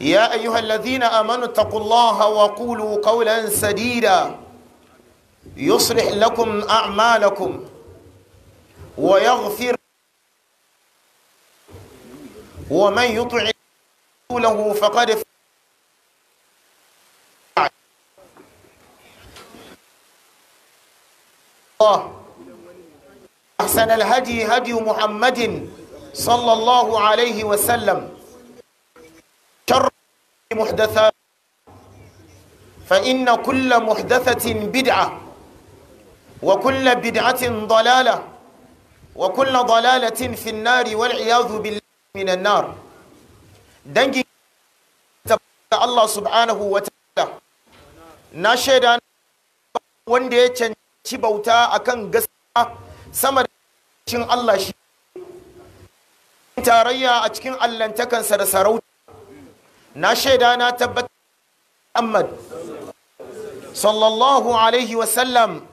يا أيها الذين آمنوا اتقوا الله وقولوا قولا سديدا يصلح لكم أعمالكم ويغفر ومن يطع رسوله فقد الله أحسن الهدي هدي محمد صلى الله عليه وسلم محدثات فإن كل محدثة بدعة وكل بدعة ضلالة وكل ضلالة في النار والعياذ بالله من النار دنجي الله سبحانه وتعالى ناشد wanda ya cancanci bauta akan gaskiya sama da cin Allah shi tarayya a cikin allantakansa da sarauta na shaida na tabbatar Muhammad sallallahu alaihi wasallam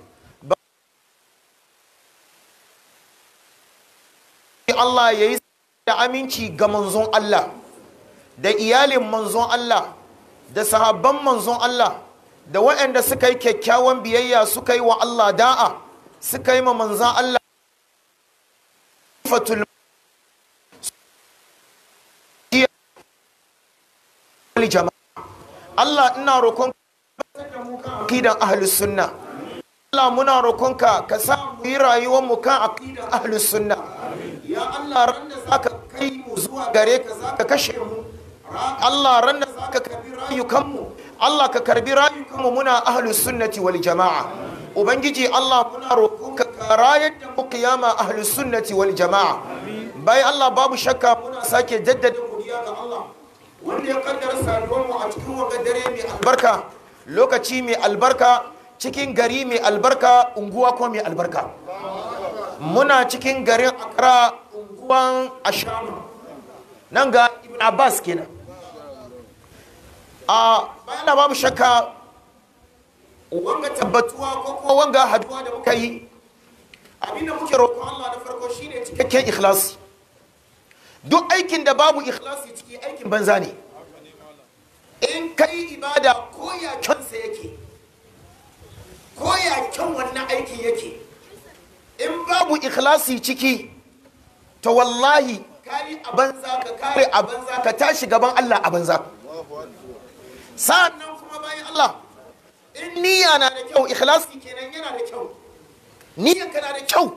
Allah ya yi da aminci ga manzon Allah da iyalin manzon Allah da sahabban manzon Allah da waɗanda suka yi kyakkyawan biyayya suka yi wa Allah da'a suka yi ma manzon Allah fatul kulli jama'a Allah ina roƙon aqidan ahlus sunna Allah muna roƙonka ka sa mu yi rayuwar mu kan aqidan ahlus sunna ya Allah ran da zaka kai mu zuwa gare ka zaka kashe mu Allah ran da zaka karbi rayukan mu Allah ka karbi rayukan mu muna ahlus sunnati wal jama'a ubangiji Allah muna roƙonka ka rayar da mu qiyama ahlus sunnati wal jama'a bai Allah babu shakka muna sake jaddada godiya ga Allah wanda ya kaddara mu a cikin wanga dare mai albarka lokaci mai albarka cikin gari mai albarka unguwa ko mai albarka muna cikin garin akara unguwan ashamu nan ga ibn abbas kenan a bayan babu shakka wanga tabbatuwa ko ko wanga haduwa da muka yi abinda muke roƙo Allah na farko shine cikakken ikhlasi duk aikin da babu ikhlasi ciki aikin banza ne in kai ibada ko ya kyansa yake ko ya kyan wannan aikin yake in babu ikhlasi ciki to wallahi kari a banza ka kare a banza ka tashi gaban Allah a banza sa'annan kuma bayan Allah in niyya na da kyau ikhlasi kenan yana da kyau niyyanka na da kyau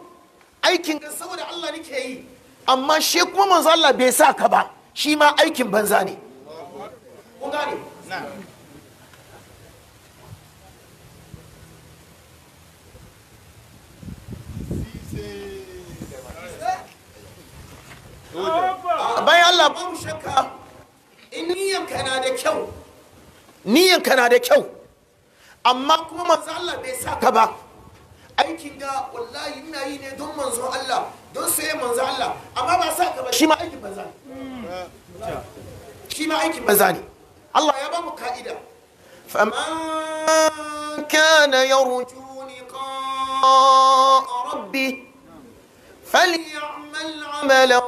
aikin ga saboda Allah nake yi amma shi kuma manzo Allah bai sa ka ba shi ma aikin banza ne kun gane bayan Allah babu shakka in ka na da kyau niyyanka na da kyau amma kuma manzo Allah bai sa ka ba aikin ga wallahi ina yi ne don manzo Allah don sai manzo Allah amma ba sa ka shi ma aikin banza ne shi ma aikin banza ne Allah ya ba mu ka'ida faman kana yarju liqa rabbi فليعمل عملا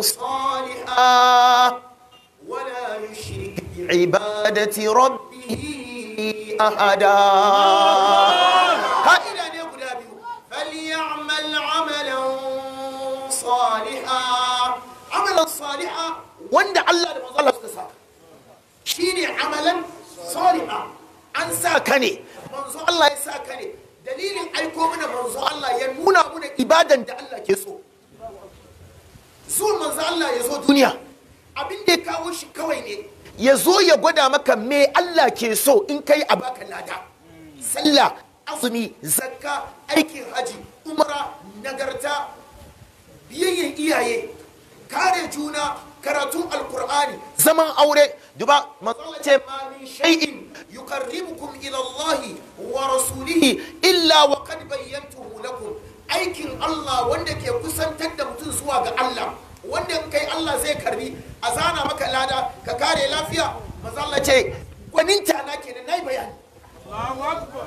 صالحا ولا يشرك بعبادة ربه أحدا صالحا عملا wanda Allah da manzo Allah suka sa shine amalan saliha an sa ka ne manzo Allah ya sa ka ne dalilin aiko mana manzo Allah ya nuna mana ibadan da Allah ke so so manzo Allah ya zo duniya abin da ya kawo shi kawai ne ya zo ya gwada maka me Allah ke so in kai a baka lada sallah azumi zakka aikin haji umra nagarta biyayyen iyaye kare juna karatun alkur'ani zaman aure duba matsalace ma min shay'in yuqarribukum ila Allah wa rasulihi illa wa qad bayyantuhu lakum aikin Allah wanda ke kusantar da mutum zuwa ga Allah wanda kai Allah zai karbi a zana maka lada ka kare lafiya mazalla ce gwanin tana kenan nayi bayani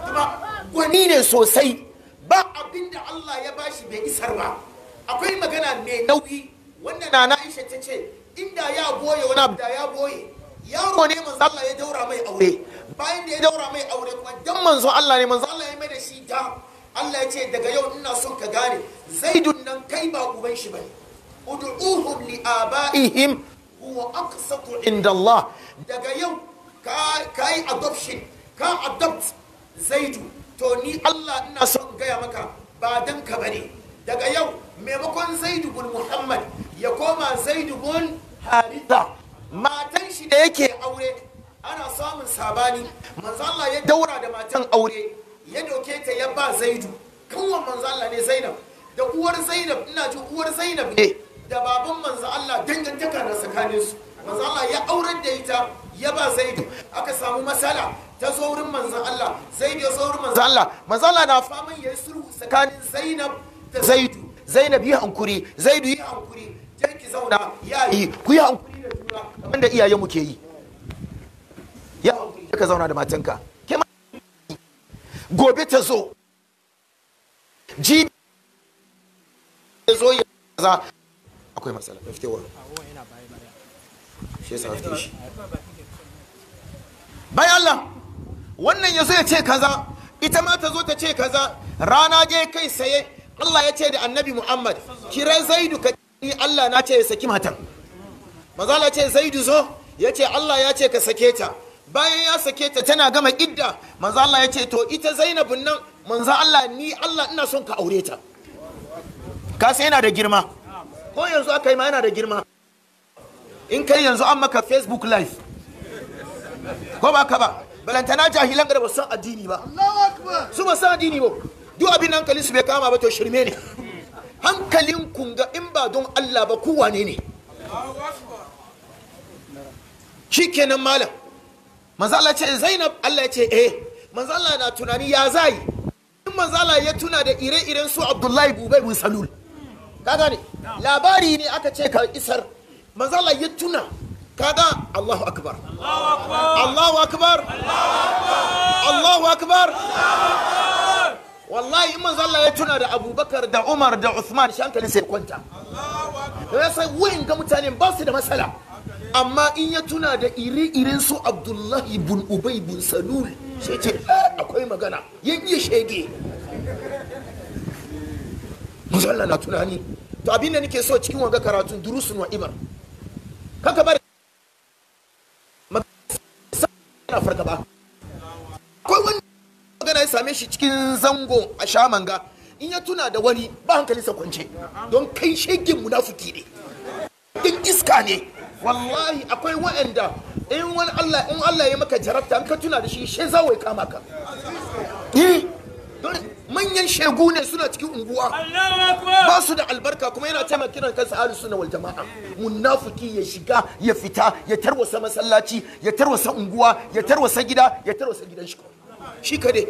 duba gwani ne sosai ba abinda Allah ya bashi bai isar ba akwai magana mai nauyi wanda na Aisha ta ce inda ya boye wani abu da ya boye yaro ne manzo Allah ya daura mai aure bayan da ya daura mai aure kuma dan manzo Allah ne manzo Allah ya mai da shi da Allah ya ce daga yau ina son ka gane zaidun nan kai ba uban shi bane ud'uhum li abaihim huwa aqsatu inda Allah daga yau ka kai adoption ka adopt zaidu to ni Allah ina son gaya maka ba dan ka bane daga yau maimakon zaidu bin muhammad ya koma zaidu bin haritha matan shi da yake aure ana samun sabani Manzala ya daura da matan aure ya doke ta ya ba zaidu kawai Manzala ne zainab da uwar zainab ina ji uwar zainab ne eh. da baban manzo dangantaka na tsakanin su ya aurar da ita ya ba zaidu aka samu masala ta zo wurin manzo Allah zaidu ya zo wurin manzo Allah manzo na faman yayi sulhu tsakanin zainab da zaidu zainab yi hankuri zaidu yi hankuri jan ki zauna yayi ku yi hankuri da juna kamar da iyaye mu ke yi ya hankuri ka zauna da matanka ke ma gobe ta zo ji ya zo ya za akwai matsala da wa shi sa fite shi bai Allah wannan ya zo ya ce kaza ita ma ta zo ta ce kaza rana je kai saye Allah ya ce da annabi Muhammad kira zaidu ka ni Allah na ce ya saki matan mazala ce zaidu zo ya ce Allah ya ce ka sake ta bayan ya sake ta tana gama idda manzo ya ce to ita zainab nan manza Allah ni Allah ina son ka aure ta ka sai yana da girma ko yanzu aka yi ma yana da girma in kai yanzu an maka Facebook live ko ba ka ba balantana jahilan da ba san addini ba su ba san addini ba duk abin hankalin su bai kama ba to shirme ne hankalin kunga in ba don Allah ba kowane ne shikenan malam manzo Allah ce Zainab Allah ce eh manzo Allah na tunani ya zai in manzo Allah ya tuna da ire-iren su Abdullahi Bubai bin Salul ka ne labari ne aka ce ka isar manzo Allah ya tuna kaga Allahu akbar Allahu akbar Allahu akbar Allahu akbar Allahu akbar wallahi in manzo Allah ya tuna da Abubakar da Umar da Uthman shi hankalin sai kwanta ya sai wayin ga mutane ba su da matsala amma in ya tuna da iri-irin su Abdullahi ibn Ubay ibn Salul sai ce akwai magana yan yi shege manzo Allah na tunani to abin da nake so cikin wanga karatun durusun wa ibar kaka bari magana farka fargaba same shi cikin zango a shamanga in ya tuna da wani ba hankali sa kwance don kai shegin munafuki ne din iska ne wallahi akwai wa'anda in wani Allah in Allah ya maka jarabta an ka tuna da shi she zawai kama ka manyan shegu ne suna cikin unguwa ba su da albarka kuma yana taimaka kiran kansa ahli sunna wal jama'a munafiki ya shiga ya fita ya tarwasa masallaci ya tarwasa unguwa ya tarwasa gida ya tarwasa gidan shi shi kade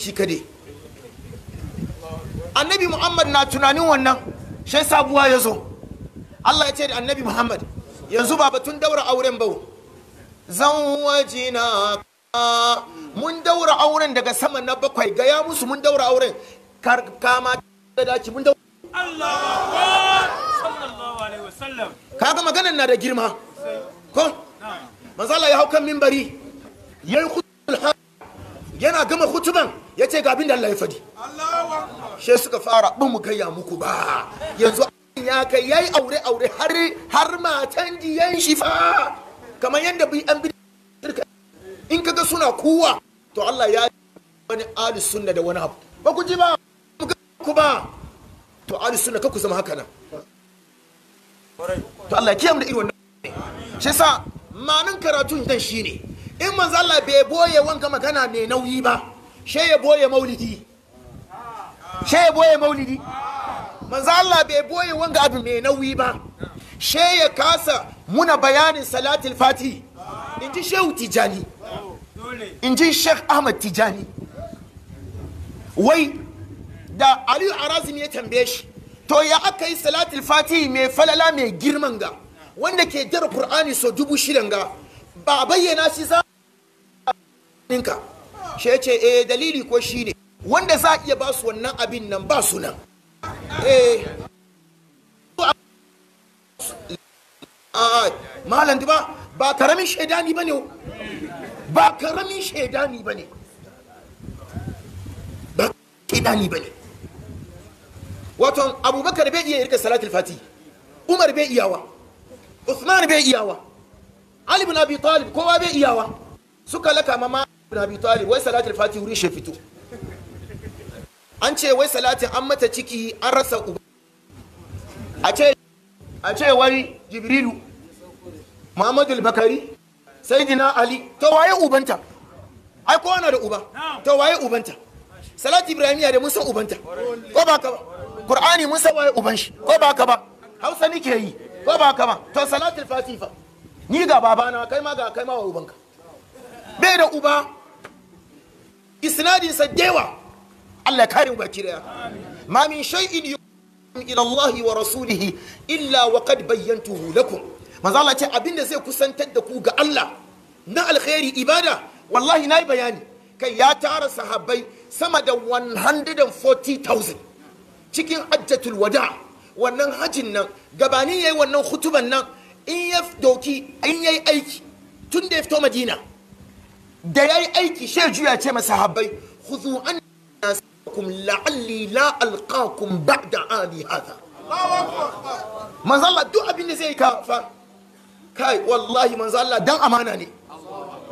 shi kade annabi muhammad na tunanin wannan shai sabuwa ya zo allah ya ce da annabi muhammad yanzu ba batun daura auren ba zan wajina mun daura auren daga sama na bakwai gaya musu mun daura auren kama da daki mun daura kaga maganan na da girma ko manzo ya hau kan mimbari ya yayi yana gama hutuban ya ce ga abin da Allah ya fadi shi suka fara bin mu gaya muku ba yanzu ya kai yayi aure aure har har matan giyan shi fa kamar yadda bi an bi in kaga suna kuwa to Allah ya wani ali sunna da wani abu ba ku ji ba ku ba to ali sunna ku zama haka nan to Allah ya kiyam da irin wannan shi sa manan karatun dan shine in manzala Allah bai boye wanka magana mai nauyi ba she ya boye maulidi she ya boye maulidi manzala Allah bai boye wanka abu mai nauyi ba she ya kasa muna bayanin salatul fati in ji shehu tijani in ji sheikh ahmad tijani wai da aliyu arazim ya tambaye shi to ya aka yi salatul fati mai falala mai girman ga wanda ke jira qur'ani so dubu shidan ga ba bayyana shi za ɗinka shi ce eh dalili ko shi ne wanda za a iya ba su wannan abin nan ba su nan eh malam ba ba karamin shaidani ba ne ba karamin shaidani ba ne ba shaidani ba ne wato abubakar bai iya irka salatul fati umar bai iyawa usman bai iyawa ali bin abi talib kowa bai iyawa suka laka mama na bi talib wai salatul fati wuri shi fito an ce wai salatin an mata ciki an rasa uba a ce a ce wai jibrilu muhammadu bakari sai dina ali to waye ubanta ai ko da uba to waye ubanta salati ibrahimiya da mun san ubanta ko ba ka ba qur'ani mun san waye uban shi ko ba ka ba hausa nike yi ko ba ka ba to salatul fatifa ni ga babana kai ma ga kai ma wa ubanka bai da uba isnadin sa dewa Allah karin baki daya. ma min shay'in ila Allah wa rasulihi illa wa qad bayyantuhu lakum manzo Allah ce abinda zai kusantar da ku ga Allah na alkhairi ibada wallahi nayi bayani kai ya tara sahabbai sama da 140,000 cikin hajjatul wada wannan hajjin nan gabanin yayi wannan hutuban nan in ya doki in yayi aiki tun da ya fito madina da ya yi aiki she juya ce masa habbai khudhu an nasakum la'alli la alqakum ba'da ani hadha manzo Allah duk abin da zai ka fa kai wallahi manzala Allah dan amana ne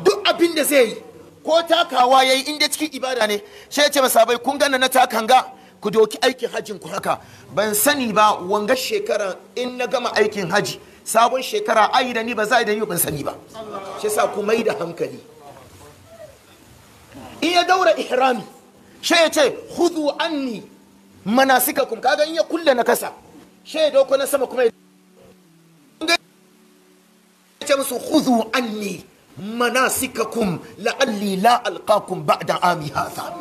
duk abin da zai yi ko takawa yayi inda cikin ibada ne shi ya ce masa habbai kun gana na takanga ku doki aikin hajjin ku haka ban sani ba wanga shekara in na gama aikin haji sabon shekara ayi da ni ba za a yi da ni ban sani ba shi sa ku mai da hankali in ya daura ihrami shi ya ce hudu anni kun. kaga in ya kulle na kasa shi ya dauko na sama kuma ya ce musu hudu anni manasikakum la'alli la alqakum ba'da ami hadha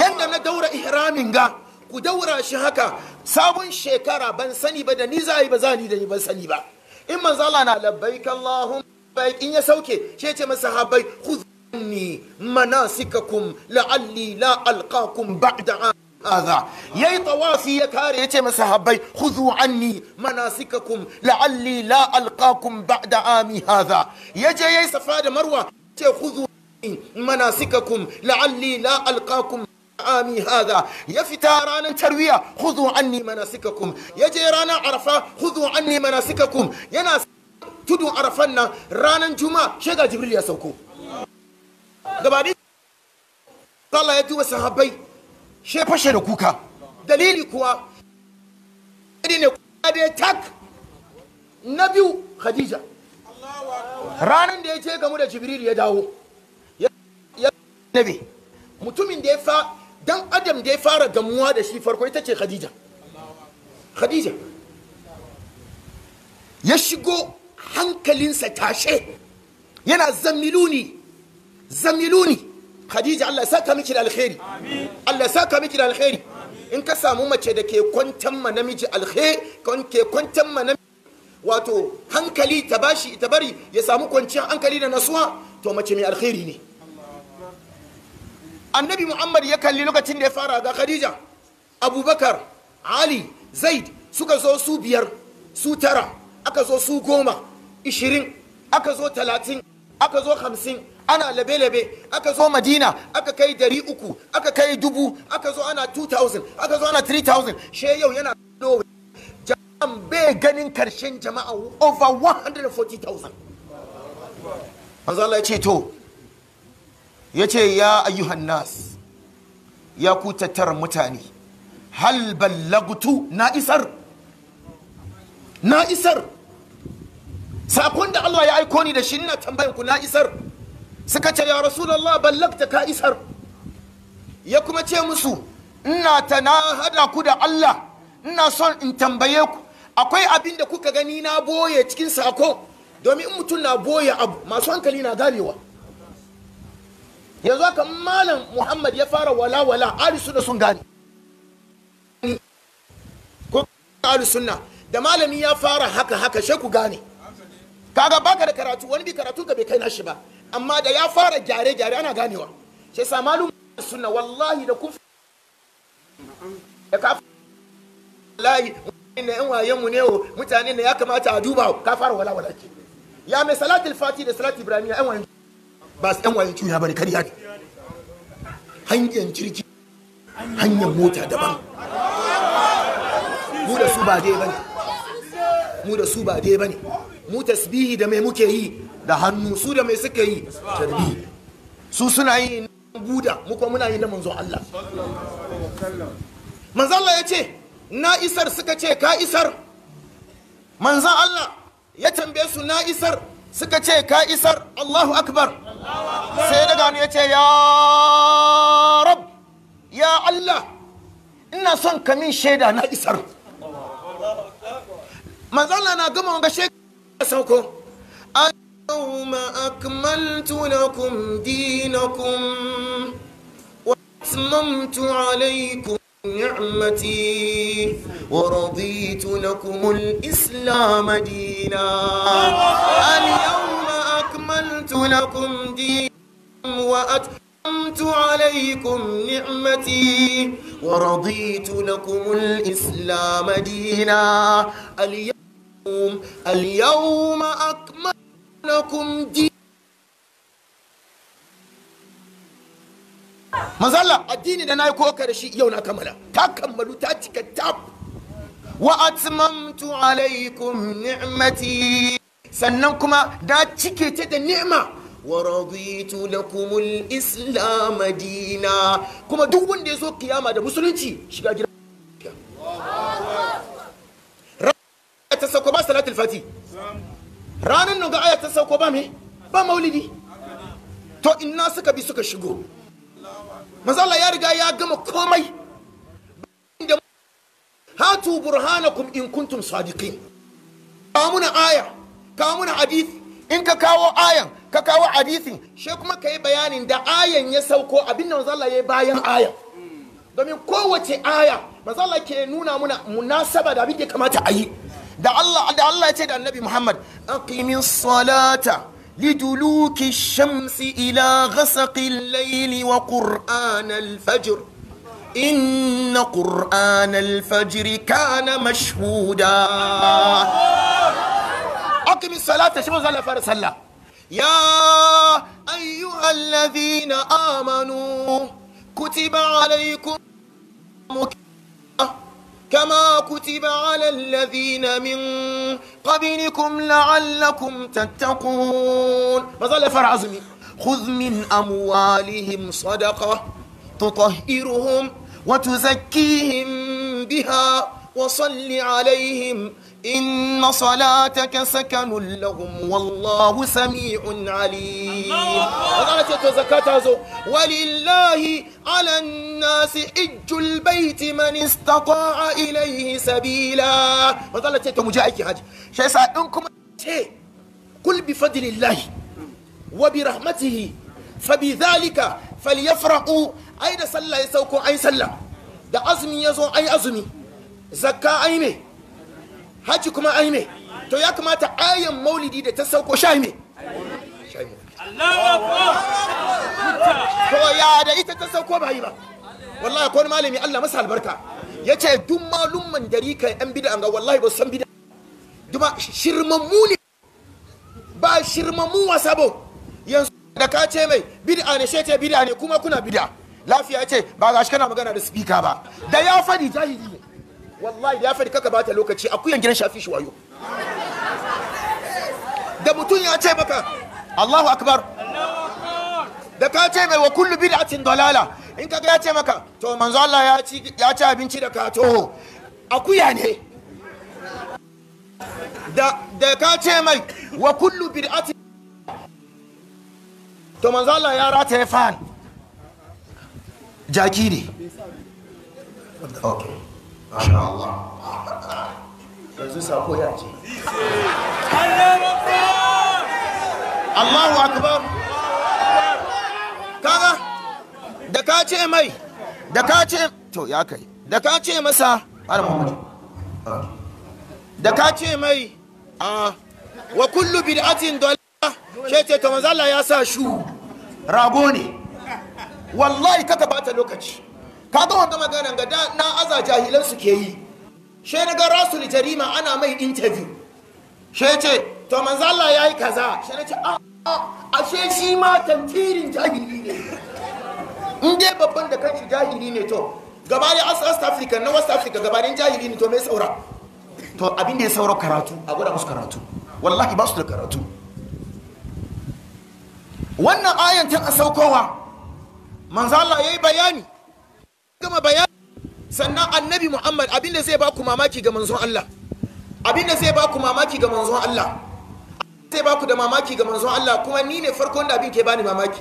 yanda na daura ihramin ga ku daura shi haka sabon shekara ban sani ba da ni za yi ba za ni da ni ban sani ba in manzala na labbaik allahumma in ya sauke shi ya ce masa habbai hudu. anni manasikakum la'alli la alqakum ba'da hadha yayi tawafi ya kare yace masa habbai khudhu anni manasikakum la'alli la alqakum ba'da ami hadha yaje yayi safa da marwa ce khudhu manasikakum la'alli la alqakum ami hada ya fita ranar tarwiya khudhu anni manasikakum yaje ranar arafa khudhu anni manasikakum yana tudun arafan nan ranar juma'a shega jibril ya sauko gabanin Allah ya duba sahabbai she fashe da kuka dalili kuwa ne kuka da tak na biyu khadija ranar da ya ce gamu da jibril ya dawo ya nabi mutumin da ya fa dan adam da ya fara gamuwa da shi farko ita ce khadija khadija ya shigo hankalinsa tashe yana zammiluni zamiluni khadija Allah ya saka miki da alkhairi Allah saka miki da alkhairi in ka samu mace da ke kwantan ma namiji alkhairi ke kwantan ma namiji wato hankali ta bashi ita bari ya samu kwanciyar hankali da nasuwa to mace mai alkhairi ne annabi muhammad ya kalli lokacin da ya fara ga khadija abubakar ali zaid suka zo su biyar su tara aka zo su goma ishirin aka zo talatin aka zo hamsin ana labe-labe aka zo madina aka kai dari uku aka kai dubu aka zo ana 2000 aka zo ana 3000 she yau yana jama'an bai ganin karshen jama'a over 140,000 zala ya ce to ya ce ya ayyuhan nas ya ku tattara mutane hal na isar na isar sakon da Allah ya aiko ni da shi ina tambayanku na isar suka ce ya rasulallah ballagta ka isar ya kuma ce musu ina ta na hada ku da Allah ina son in tambaye ku akwai abin da kuka gani na boye cikin sako domin in mutum na boye abu masu hankali na galewa yanzu haka malam muhammad ya fara wala wala arisu da sun gane sunna da malami ya fara haka haka sheku gane kaga baka da karatu wani bi karatun ka bai kai nashi ba amma da ya fara gyare-gyare ana ganewa sai sa malum suna wallahi da kufa da kafa wallahi ne yan wayen mu newo mutane ne ya kamata a duba ka fara wala wala ke ya mai salatul fati da salatul ibrahimiya yan wayen ba su yan wayen cuya bane kariya ne hanyar jirgi hanyar mota daban mu da su ba dai bane mu da su ba dai bane mu tasbihi da mai muke yi da hannu su da mai suka yi tarbi su suna yi buda mu kuma muna yi na manzo Allah manzo Allah ya ce na isar suka ce ka isar manzo Allah ya tambaye su na isar suka ce ka isar Allahu akbar sai daga hannu ya ce ya rab ya Allah ina son ka min shaida na isar manzo Allah na gama wanga shaida sauko اليوم أكملت لكم دينكم وأتممت عليكم نعمتي ورضيت لكم الإسلام دينا اليوم أكملت لكم دينكم وأتممت عليكم نعمتي ورضيت لكم الإسلام دينا اليوم اليوم أكملت lakum di mazalla addini da nayi koka da shi yau na kammala ta kammalu ta cika tab wa atmamtu alaikum ni'mati sannan kuma da cike ta da ni'ima wa raditu lakum al-islam kuma duk wanda ya zo kiyama da musulunci shiga gida ta sako ba salatul fati ranar nan ga aya ta sauko ba me ba maulidi to inna suka bi suka shigo mazala ya riga ya gama komai hatu burhanakum in kuntum sadiqin kawo muna aya kawo muna hadisi in ka kawo ayan ka kawo hadisin shi kuma ka yi bayanin da ayan ya sauko abin da mazala ya bayan aya. domin kowace aya mazala ke nuna muna munasaba da abin da kamata a yi da Allah da Allah ya ce da annabi Muhammad aqimis salata liduluki shamsi ila ghasaqil layli wa qur'anal fajr inna qur'anal fajr kana mashhuda aqimis salata shi manzo Allah fara sallah ya ayyuhal ladhina amanu kutiba alaykum كما كتب على الذين من قبلكم لعلكم تتقون مثلا فرع عزمي خذ من أموالهم صدقة تطهرهم وتزكيهم بها وصل عليهم إن صلاتك سكن لهم والله سميع عليم ولله على الناس حج البيت من استطاع إليه سبيلا وقال تيتو مجاعك حاج شيء سألنكم قل بفضل الله وبرحمته فبذلك فليفرحوا أين صلى يسوكم أين صلى ده أزمي يزو أي أزمي زكاة أي مي haji kuma ai me to ya kamata ayan maulidi da ta sauko sha me to ya da ita ta sauko ba yi ba wallahi ko malami Allah masa albarka ce duk malumman dari kai an bid'a ga wallahi ba san bid'a duba shirmammu ne ba shirmammu wasabo yanzu da ka ce mai bid'a ne sai ce bid'a ne kuma kuna bid'a lafiya ce ba gashi kana magana da speaker ba da ya fadi jahili ne wallahi da ya faɗi kaka bata lokaci akuyan gidan shafi shi wayo da mutum ya ce maka Allahu akbar da ka ce mai wa kullu bid'atin dalala in kaga ya ce maka to manzo Allah ya ci ya ci abinci da ka to akuya ne da da ka ce mai wa kullu bid'atin to manzo Allah ya rata ya fan jaki ne okay Yanzu sako ya ce. Allahu Akbar. Kaga da ka ce mai da ka ce to ya kai da ka ce masa Da ka ce mai a wa kullu bid'atin dalala ke ce to manzo Allah ya sa shu rago ne wallahi kaka bata lokaci kaga wanda magana ga na aza jahilan su ke yi she na ga rasul jarima ana mai interview she ce to manzo Allah yayi kaza she na ce a ah, ah, she shi ma tantirin jahili ne in babban da kanshi jahili ne to gaba da South Africa na West Africa gabanin jahili ne to mai saura to abin da ya saura karatu a gwada musu karatu wallahi ba su da karatu wannan ayan ta saukowa manzo Allah yayi bayani gama bayani sannan annabi muhammad abinda zai ba ku mamaki ga manzon allah abinda zai ba ku mamaki ga manzon allah zai ba ku da mamaki ga manzon allah kuma ni ne farkon da abin ke bani mamaki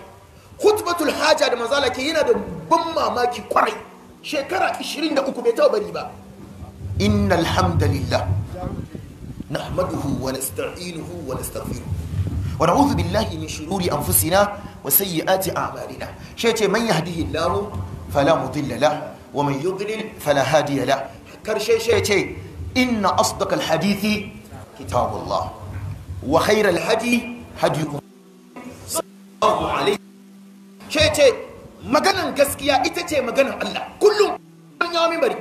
khutbatul haja da manzala ke yana da ban mamaki kwarai shekara 23 bai taɓa bari ba inna alhamdulillah nahmaduhu wa nasta'inuhu wa nastaghfiruh wa na'udhu billahi min shururi anfusina wa sayyiati a'malina shi ce man yahdihi Allahu fala mudilla la wa man yudlil fala la karshe shi yace inna asdaqal hadithi kitabullah wa khairal hadi hadiyu sallallahu alaihi shi yace maganan gaskiya ita ce maganan Allah kullum ya mimbari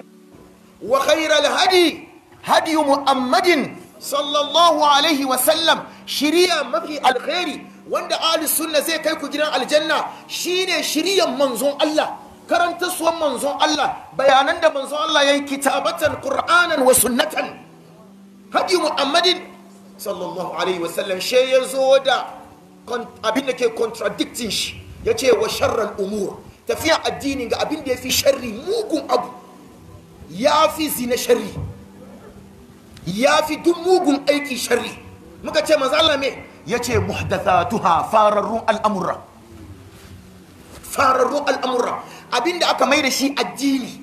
wa khairal hadi hadiyu muhammadin sallallahu alaihi wasallam shiriya mafi alkhairi wanda ahli sunna zai kai ku gidan aljanna shine shiriyan manzon Allah suwan manzon Allah bayanan da manzon Allah ya yi kitabatan qur'anan wa sunnatan haji muhammadin sallallahu alaihi wasallam she ya zo da abin da ke contradicting shi ya ce wa sharran umur tafiya addinin ga abin da ya fi sharri mugun abu ya fi zina sharri ya fi duk mugun aiki sharri muka ce manzon Allah me ya ce muhdathatuha fararrun al'amura fararru al'amura, abinda aka mai da shi addini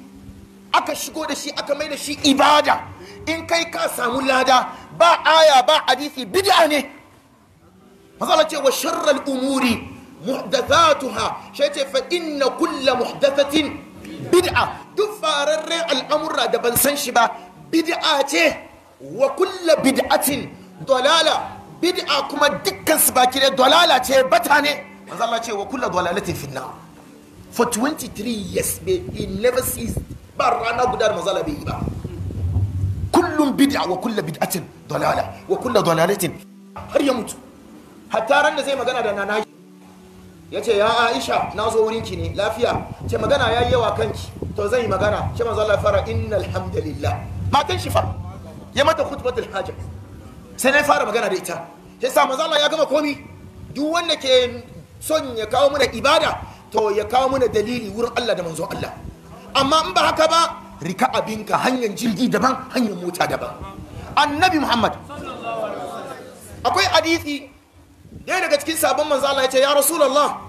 aka shigo da shi aka mai da shi ibada in kai ka samu lada ba aya ba hadisi bid'a ne matsala ce wa sharral umuri muhdathatuha shi ce fa inna kulla muhdathatin bid'a duk fararren al'amura da ban san shi ba bid'a ce wa kulla bid'atin dalala bid'a kuma dukkan su baki da dalala ce bata ne manzo Allah ce wa kullu dalalatin finna for 23 years he never ceased ba rana guda da manzo Allah bai yi ba kullum bid'a wa kullu bid'atin dalala wa kullu dalalatin har ya mutu hatta ran da zai magana da nana ya ce ya aisha na zo wurin ki ne lafiya ce magana ya yi yawa kanki to zan yi magana ce manzo Allah fara innal hamdalillah matan shi fa ya mata khutbatul haja sai na fara magana da ita sai sa manzo Allah ya gama komi duk wanda ke son ya kawo mana ibada to ya kawo mana dalili wurin Allah da manzon Allah amma in ba haka ba rika abinka hanyar jirgi daban hanyar mota daban annabi Muhammad akwai hadisi ɗaya daga cikin sabon manzo Allah ya ce ya rasulullah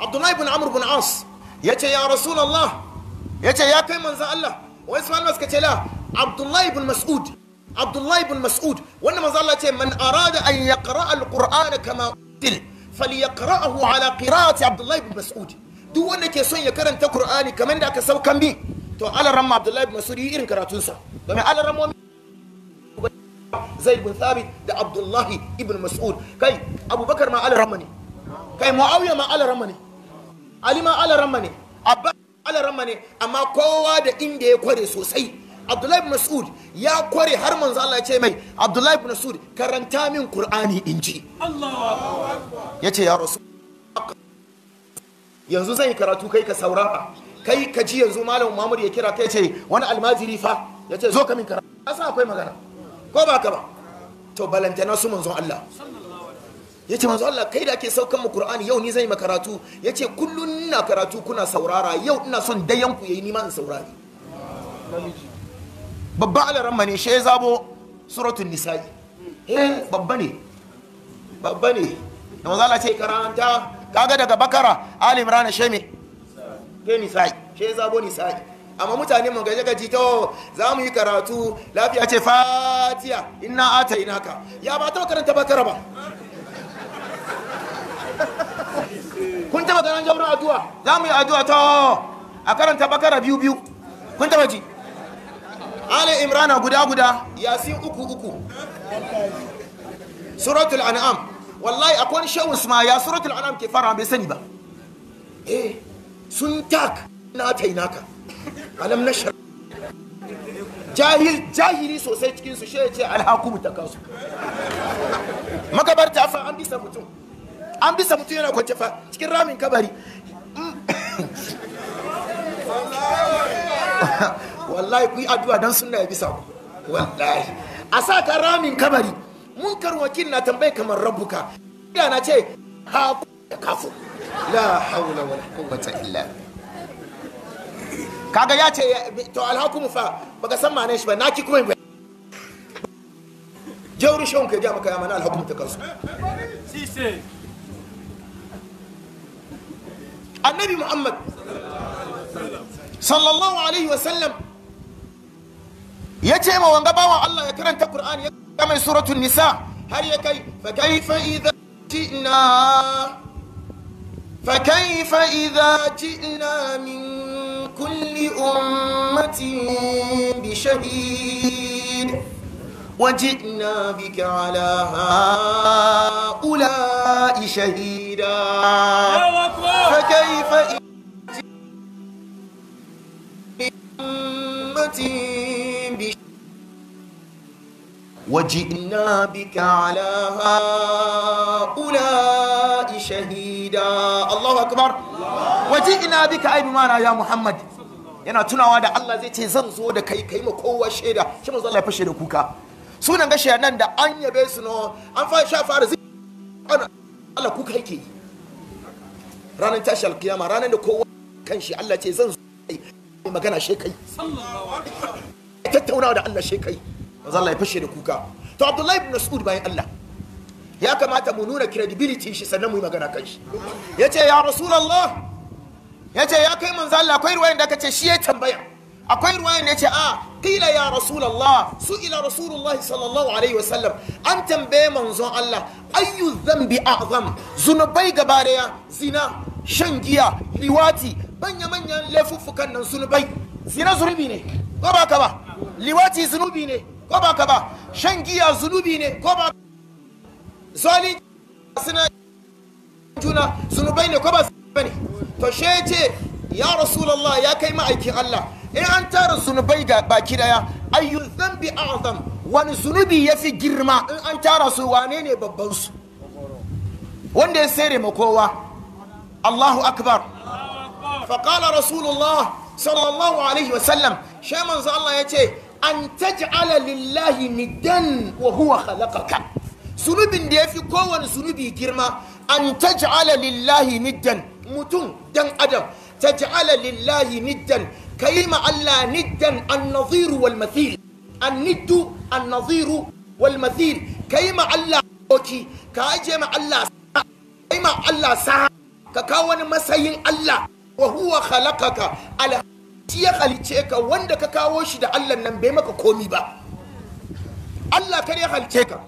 Abdullahi ibn Amr ibn As ya ce ya rasulullah ya ce ya kai manzo Allah wai su malama suka la Abdullahi ibn Mas'ud Abdullahi ibn Mas'ud wannan manzo Allah ce man arada an yaqra al-Qur'ana kama til falyaqra'ahu ala qira'ati abdullahi ibn mas'ud duk wanda ke son ya karanta qur'ani kamar da aka saukan bi to Ramma abdullahi ibn mas'ud yi irin sa, domin alaramma zaid bin thabit da abdullahi ibn mas'ud kai abubakar ma Ramma ne kai muawiya ma Ramma ne ali ma Ramma ne abba Ramma ne amma kowa da inda ya kware sosai abdullahi ibn mas'ud ya kware har manzo Allah ya ce mai abdullahi ibn mas'ud karanta min qur'ani in ji ya ce ya rasu yanzu zan yi karatu kai ka saurara kai ka ji yanzu malam mamur ya kira kai ce wani almajiri fa ya ce zo ka min karatu asa akwai magana ko ba ka ba to balantana su manzo Allah ya ce manzo Allah kai da ake saukan mu Qur'ani yau ni zan yi karatu ya ce kullun ina karatu kuna saurara yau ina son dayan ku yayi ma in saurari babban alaran ne shi ya zabo suratun nisa'i eh babba ne babba ne da mazala ce karanta kaga daga bakara ali imran shemi ke nisa'i shi ya zabo nisa'i amma mutane mu gaje gaji to za mu yi karatu lafiya ce fatiya inna ata ka. ya ba ta karanta bakara ba kun taba ganin jabrin addu'a za mu yi addu'a to a karanta bakara biyu biyu kun taba ji Ali Imrana guda guda Yasin uku uku Suratul An'am wallahi akwai shehun su ma ya Suratul An'am ke fara bai sani ba eh sun tak na tainaka alam nashar jahil jahili sosai cikin su shi ce alhakum ta kansu makabarta fa an bisa mutum an bisa mutum yana kwance fa cikin ramin kabari wallahi ku yi addu'a dan sunna ya bisa ku wallahi a sa ka ramin kabari kar wakil na tambaye kamar rabbuka ina na ce ha kafu la hawla wala quwwata illa kaga ya ce to alhakum fa baka san ma ne shi ba naki kuma ba jawri shon ka ga maka ya mana alhakum ta kansu si sise annabi muhammad sallallahu alaihi wasallam ya ce ma wanga bawan Allah ya karanta Qur'ani ya mai suratul nisa har ya kai fa kaifa idza ji'na fa kaifa idza ji'na min kulli ummatin bi shahid وجئنا بك على هؤلاء شهيدا فكيف إذا أمة وجئنا بك على هؤلاء شهيدا الله أكبر وجئنا بك أي بمعنى يا محمد yana tunawa da Allah zai ce zan zo da kai kai ma kowa shaida shi manzo Allah fashe da kuka sunan gashi nan da an yabe su no an fara sha fara zai Allah kuka yake yi ranar tashi alkiyama ranar da kowa kan shi Allah ce zan zo magana shekai tattaunawa da Allah shekai manzo Allah ya fashe da kuka to Abdullahi ibn Mas'ud bayan Allah ya kamata mu nuna credibility shi sannan mu yi magana kan shi Ya ce ya rasulallah. Ya ce ya kai manzo Allah akwai ruwayan da kace shi ya tambaya akwai ruwayan da ce a qila ya rasulallah. su ila rasulullah sallallahu alaihi wasallam an tambaye manzo Allah ayyu dhanbi a'zam zunubai gaba daya zina shan giya liwati banya manyan laifuffukan nan zunubai zina zunubi ne ko ba ka ba liwati zunubi ne ko ba ka ba shan giya zunubi ne ko ba zalin suna juna zunubai ne ko ba zunubai ne to shi ya ce ya rasulallah ya kai ma'aikin Allah in an tara zunubai ga baki daya ayyun zambi a'zam wani zunubi ya fi girma in an tara su wane ne babban su wanda ya sere ma kowa Allahu akbar faqala rasulullah sallallahu alaihi wasallam shi manzo Allah ya ce an taj'ala lillahi niddan wa huwa khalaqaka sunubin da yafi kowane sunubi girma an taj'ala lillahi niddan mutum dan adam taj'ala lillahi niddan ma Allah niddan an-nadhir wal mathil an-niddu an-nadhir wal mathil ma Allah oki ka aje ma Allah kalima Allah sa ka kawo wani masayin Allah wa huwa khalaqaka ala shi ya halice ka wanda ka kawo shi da allah nan bai maka komi ba allah kar ya halice ka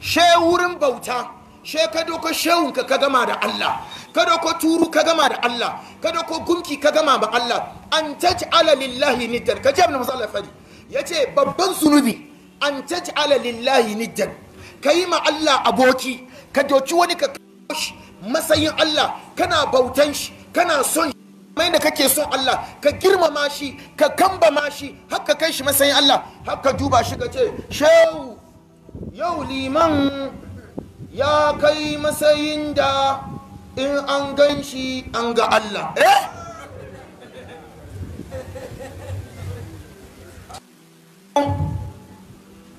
she wurin bauta she ka doko shehun ka gama da allah ka doko turu ka gama da allah ka doko gunki ka gama ba allah an taj'ala lillahi niddar ka ce abin fadi ya ce babban zunubi an taj'ala lillahi niddar ka yi ma allah aboki ka doki wani ka kawo shi matsayin allah kana bautan shi kana son shi mai da kake son Allah ka girmama shi ka kambama shi haka kai shi matsayin Allah haka duba shi ka ce shehu yau liman ya kai matsayin da in an gan shi an ga Allah eh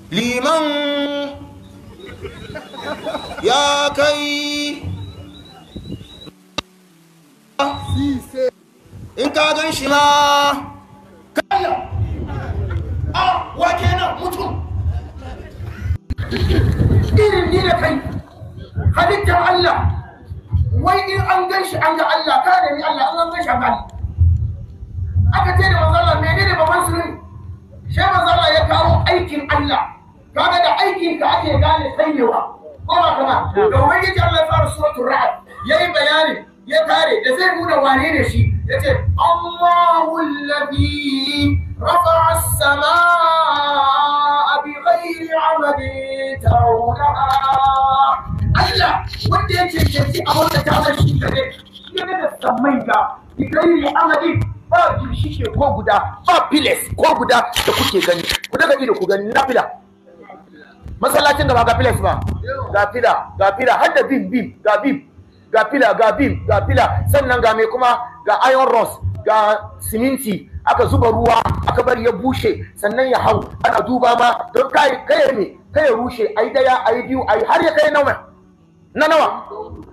liman ya kai ka gan shi ma kalla a wake na mutum irin ni da kai halittar Allah wai in an gan shi an ga Allah ka da ni Allah an gan shi an gani aka ce da manzo Allah menene baban sirri sai manzo Allah ya kawo aikin Allah kaga da aikin ka ake gane sanyewa ko ba kama da wani Allah ya fara suratul ra'd yayi bayani ya kare da zai nuna wane ne shi yace Allahu alladhi rafa'a as-samaa'a bighairi 'amadin tarawnaha Allah wanda yake yanzu a wanda ta bar shi gare shi ne da samai ga bighairi 'amadin ba ke ko guda ba files ko guda da kuke gani ku daga ido ku gani nafila. masallacin gaba ga files ba ga fila ga fila har da bim bim ga bim ga pila ga bim ga pila sannan ga mai kuma ga iron rods ga siminti aka zuba ruwa aka bari ya bushe sannan ya hau ana duba ma don kai kai ne kai rushe ai daya ai biyu ai har ya kai nawa na nawa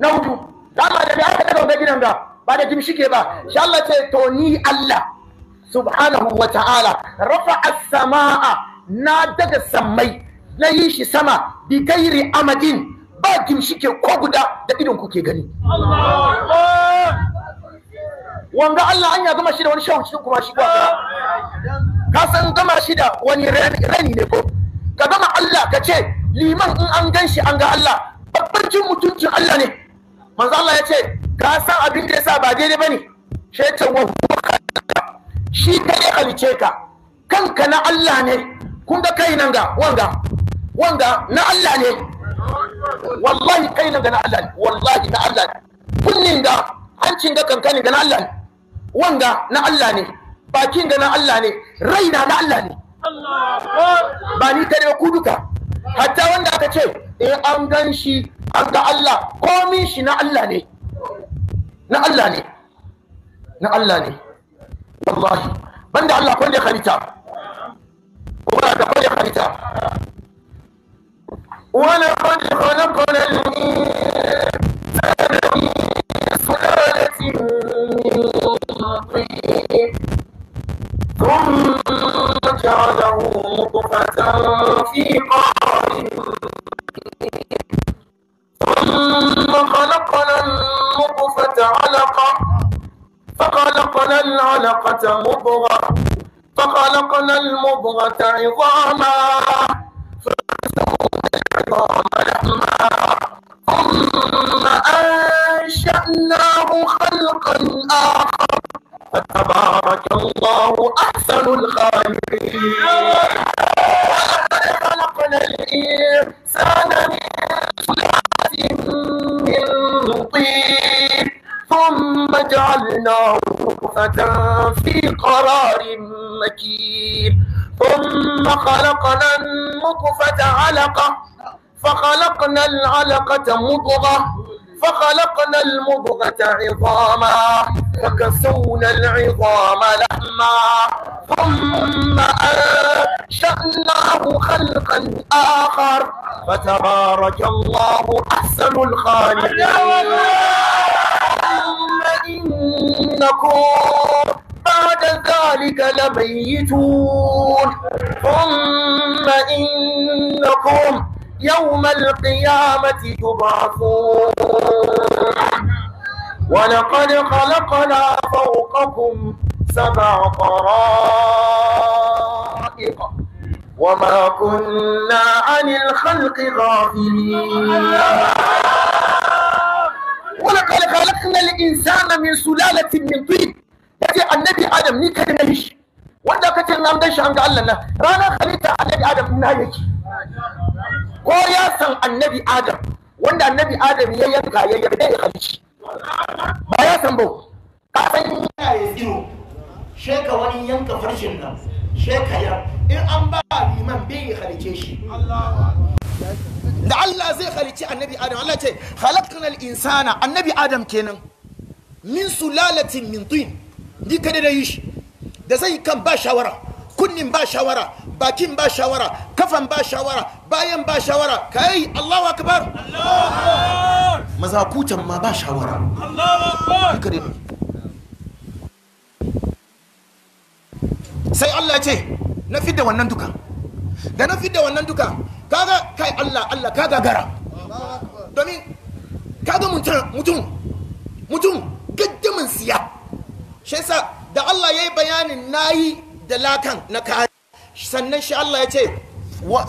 na hudu dama da aka daga wannan gidan ga ba da gimshike ba insha Allah ce to ni Allah subhanahu wa ta'ala rafa as-samaa na daga sammai na yi shi sama bi gairi amadin ba ginshike ko guda da idon kuke gani wanga Allah an ya gama shi da wani shawuci kuma shi ba ka san gama shi da wani rani ne ko ka gama Allah ka ce liman in an gan shi an ga Allah babban cin mutuncin Allah ne manzo Allah ya ce ka san abin da yasa ba daidai bane shaitan wa shi ka ya ka kanka na Allah ne kun ga kai nan ga wanga wanga na Allah ne wallahi kai nan ga na Allah ne wallahi na Allah ne kunnin ga hancin ga kankanin ga na Allah ne wanda na Allah ne bakin ga na Allah ne raina na Allah ne ba ni kare ku duka hatta wanda aka ce in eh, an gan shi an ga Allah komin shi na Allah ne na Allah ne na Allah ne wallahi banda Allah kwanda halitta ko ba da kwanda halitta ولقد خلقنا الإنسان من سلالة من طين ثم جعله نطفة في قرار ثم خلقنا النطفة علقة فخلقنا العلقة مضغة فخلقنا المضغة عظاما العظام لحما ثم أنشأناه خلقا آخر فتبارك الله أحسن الخالقين ولقد خلقنا الإنسان من من طين ثم جعلناه نطفة في قرار مكين ثم خلقنا النطفة علقة فخلقنا العلقة مضغة فخلقنا المضغة عظاما فكسونا العظام لحما ثم أنشأناه خلقا آخر فتبارك الله أحسن الخالقين ثم إنكم بعد ذلك لميتون ثم إنكم يوم القيامة تبعثون ولقد خلقنا فوقكم سبع طرائق وما كنا عن الخلق غافلين ولقد خلقنا الإنسان من سلالة من طين يجي النبي آدم ني كده مليش wanda ka ce nan dan رانا خليت ga آدم na ko ya san annabi adam wanda annabi adam ya yanka ya yabe ya halici ba ya san ba ka san yana ya zino sheka wani yanka farshin nan sheka ya in an ba liman bai ya halice shi da Allah zai halici annabi adam Allah ce halaknal insana annabi adam kenan min sulalatin min tin ni kada da yi shi da sai kan ba shawara kunnin ba shawara bakin ba shawara kafan ba shawara bayan ba shawara kai Allahu akbar mazakutan ma ba shawara sai Allah ce na fidda wannan duka da na fidda wannan duka kaga kai Allah Allah ka gara domin kaga mutum mutum siya shi sa da Allah ya yi bayanin nayi da lakan na kare sannan shi Allah ya ce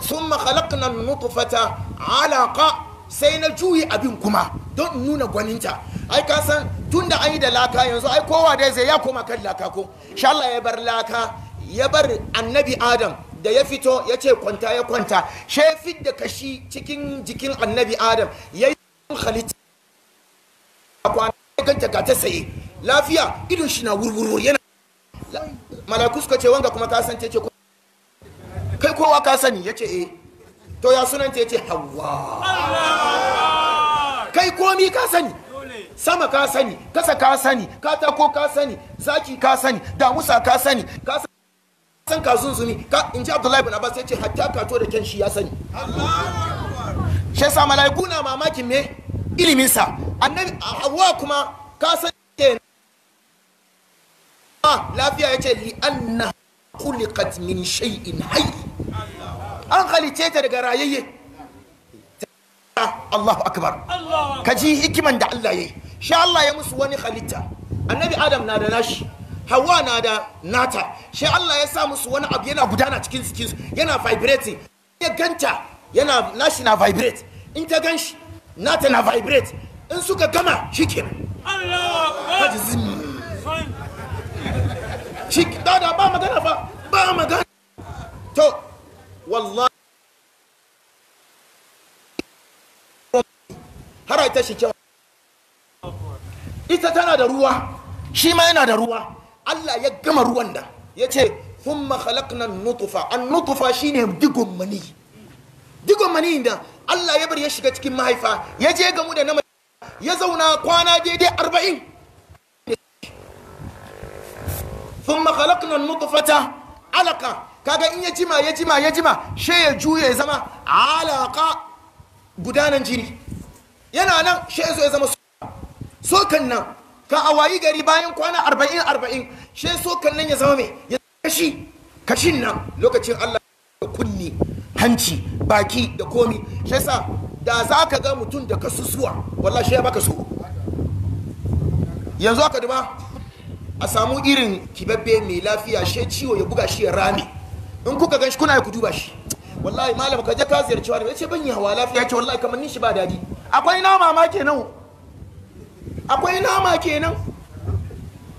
sun makhalaknan nutufata alaƙa sai na juyi abin kuma don nuna gwaninta ai ka san tun da an yi da laka yanzu ai kowa da zai ya koma kan laka ko shi Allah ya bar laka ya bar annabi adam da ya fito ya ce kwanta ya kwanta shi fit da kashi cikin jikin annabi adam ya yi halitta a kwanakanta ga ta saye lafiya idon shi na wurwurwur yana malaku suka ce wanga kuma ka san ce kai kowa ka sani yace eh to ya sunan ce hawa kai komi ka sani sama ka sani kasa ka sani katako ka sani zaki ka sani damusa ka sani ka san ka zunzumi ka in ji abdullahi bin abbas ya ce hatta to da kyan shi ya sani shi sa malaiku na mamakin me iliminsa annabi hawa kuma ka sani Ah, lafiya ya ce li'anna khuliqat min shay'in hayy an halice ta daga rayayye Allahu akbar ka ji hikiman da Allah yayi sha Allah ya musu wani halitta annabi Adam na da nashi Hawa na da nata shi Allah ya sa musu wani abu yana gudana cikin cikin yana vibrating ya ganta yana nashi na vibrate in ta gan shi nata na vibrate in suka gama shikenan Allah shi da da ba magana ba ba magana to wallahi har ita shi kyau ita tana da ruwa shi ma yana da ruwa Allah ya gama ruwan da ya ce thumma khalaqna an-nutfa an-nutfa shine digon mani digon mani da Allah ya bar ya shiga cikin mahaifa ya je gamu da na ya zauna kwana daidai arba'in thumma khalaqna nutfata alaka kaga in ya jima ya jima ya jima she ya juya ya zama alaka gudanan jini yana nan she ya zo ya zama sokan nan ka a wayi gari bayan kwana 40 40 she sokan nan ya zama mai, ya kashi kashin nan lokacin Allah da kunni hanci baki da komi shi yasa da za ka ga mutum da kasusuwa wallahi shi ya baka so? yanzu aka duba a samu irin kibabbe mai lafiya shi ciwo ya buga shi ya rame in kuka gan shi kuna ya ku duba shi wallahi malam ka je ka ziyarci wani ya ce ban yi hawa lafiya ce wallahi kamar shi ba daɗi akwai nama ma kenan akwai nama kenan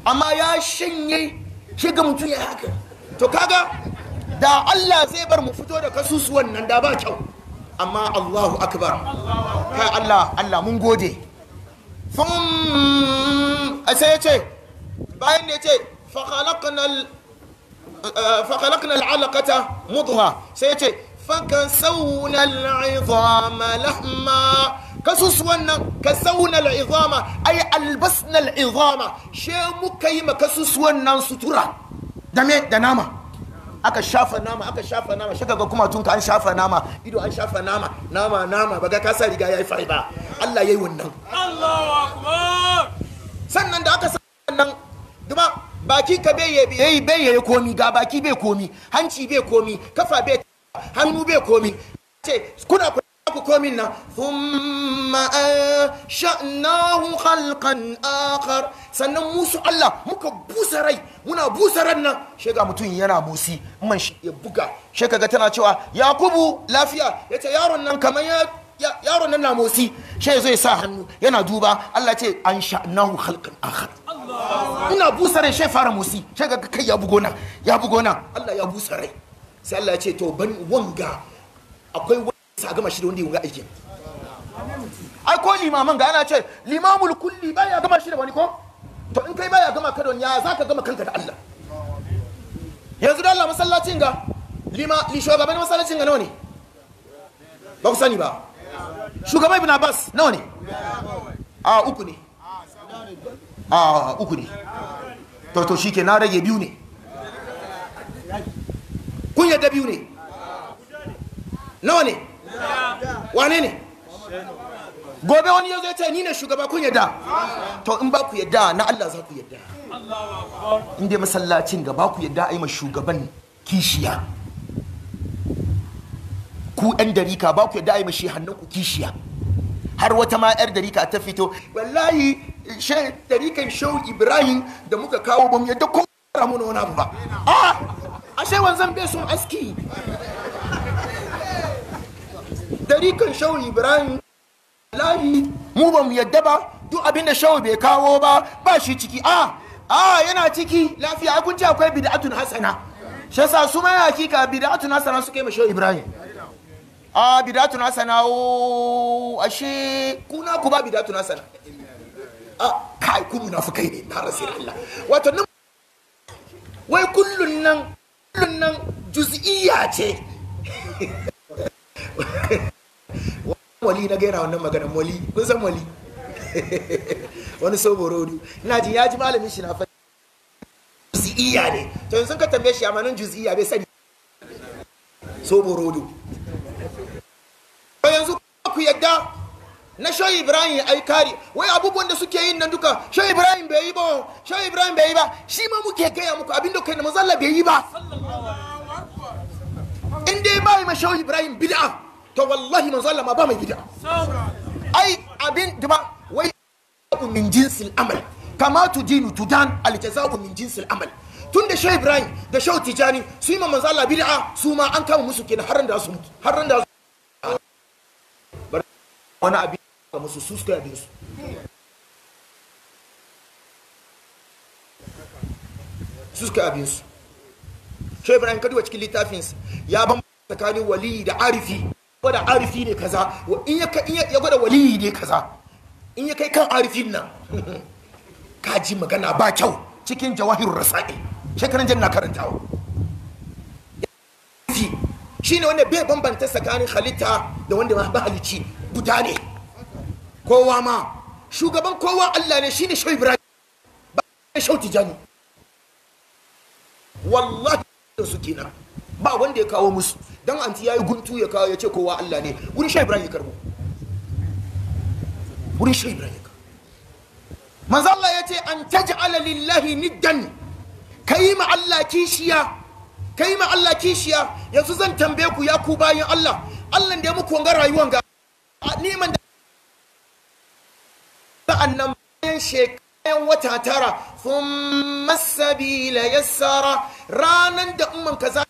amma ya shanye shiga mutum ya haka to kaga da Allah zai bar mu fito da kasusuwan nan da ba kyau amma Allahu akbar kai Allah Allah mun gode fum sai ya ce bayan da ya ce فخلقنا العلقة مضغة سيتي فكسونا العظام لحما كسوسونا كسونا العظام yi ma العظام شيء مكيمة كسوسونا سترة da nama aka shafa nama aka shafa nama shaka ga kuma ka an shafa nama ido an shafa nama nama nama baga ka sa riga yayi fa'ida Allah yayi wannan Allahu akbar sannan da aka kuma baki ka bai yayi eh, bai yayi komi ga baki bai komi hanci bai komi kafa bai hannu bai komi ce kuna ku komi nan thumma ansha'nahu khalqan akhar sannan musu Allah muka busa rai muna busa ran nan shega mutum yana busi man shi ya buga shega ga tana cewa yakubu lafiya yace yaron nan kamar ya yaron nan na motsi shi zai sa hannu yana duba Allah ce an sha'nahu khalqan akhar ina busa rai shai fara motsi shai ga kai ya bugo ya bugo Allah ya busa rai sai Allah ya ce to ban wanga akwai wani sa gama shi da wanda ya wanga aikin ai ko limaman ga ana ce limamul kulli ya gama shi da wani ko to in kai ba ya gama ka don ya zaka gama kanka da Allah yanzu da Allah masallacin ga lima li shugaban masallacin ga nawa ne ba ku sani ba shugaban ibn abbas nawa ne a uku ne a uku ne Toto shi ke na rage biyu ne kun yadda biyu ne nawa ne wane ne gobe wani ya zai ce ni ne shugaba kun yadda to in ba ku yadda na Allah za ku yadda in dai masallacin ga ba ku yadda a yi shugaban kishiya ku 'yan darika ba ku yadda a yi ma shi hannun ku kishiya har wata ma yar dariƙa ta fito wallahi dariƙan shehu ibrahim da muka kawo bamu yadda kun fara mana wani abu ba a ashe wanzan bai son aski Dariƙan shehu ibrahim wallahi mu bamu yadda ba duk abin da shehu bai kawo ba ba shi ciki a a yana ciki lafiya kun ce akwai bid'atun hasana shi yasa su ma hakika bid'atun hasana suka yi ma shehu ibrahim a bidatun hasana o ashe kuna ku ba bidatun hasana a kai ku munafikai ne na rasul Allah wato nan wai kullun nan kullun nan juz'iyya ce wali na gaira wannan magana moli kun san moli wani soboro ne na ji ya ji malamin shi na fa juz'iyya ne to yanzu ka tambaye shi amanin juz'iyya bai sani soboro ne yadda na shai ibrahim ya aikari wai abubuwan da suke yin nan duka shai ibrahim bai yi ba shai ibrahim bai yi ba shi ma muke gaya muku abinda kai na mazalla bai yi ba in dai ba yi ma shai ibrahim bid'a to wallahi mazalla ma ba mai bid'a ai abin da ba wai min jinsil amal kama tudinu tudan aljaza'u min jinsil amal tun da shai ibrahim da shau tijani su yi ma mazalla bid'a su ma an kama musu kenan har da su har da wani abin ka musu su suka yabe su su suka yabe su shi ibrahim kaduwa cikin littafinsa ya ban tsakanin waliyi da arifi gwada arifi ne kaza in ya gwada waliyi ne kaza in ya kai kan arifin nan kaji magana ba kyau cikin jawahirun rasa'i shekaran jan na karantawa shi ne wanda bai bambanta tsakanin halitta da wanda ba halicci guda ne kowa ma shugaban kowa Allah ne shi ne shau ibrahim ba ne shau tijani wallahi da su kenan ba wanda ya kawo musu dan anti yayi guntu ya kawo ya ce kowa Allah ne wurin shau ibrahim ya karbo wurin shau ibrahim ya karbo manzo Allah ya ce an taj'ala lillahi niddan kai ma Allah kishiya kai ma Allah kishiya yanzu zan tambaye ku ya ku bayan Allah Allah da ya muku wanga rayuwan ga neman da annan bayan shekayen wata tara sun masabila yassara ranar da umman kaza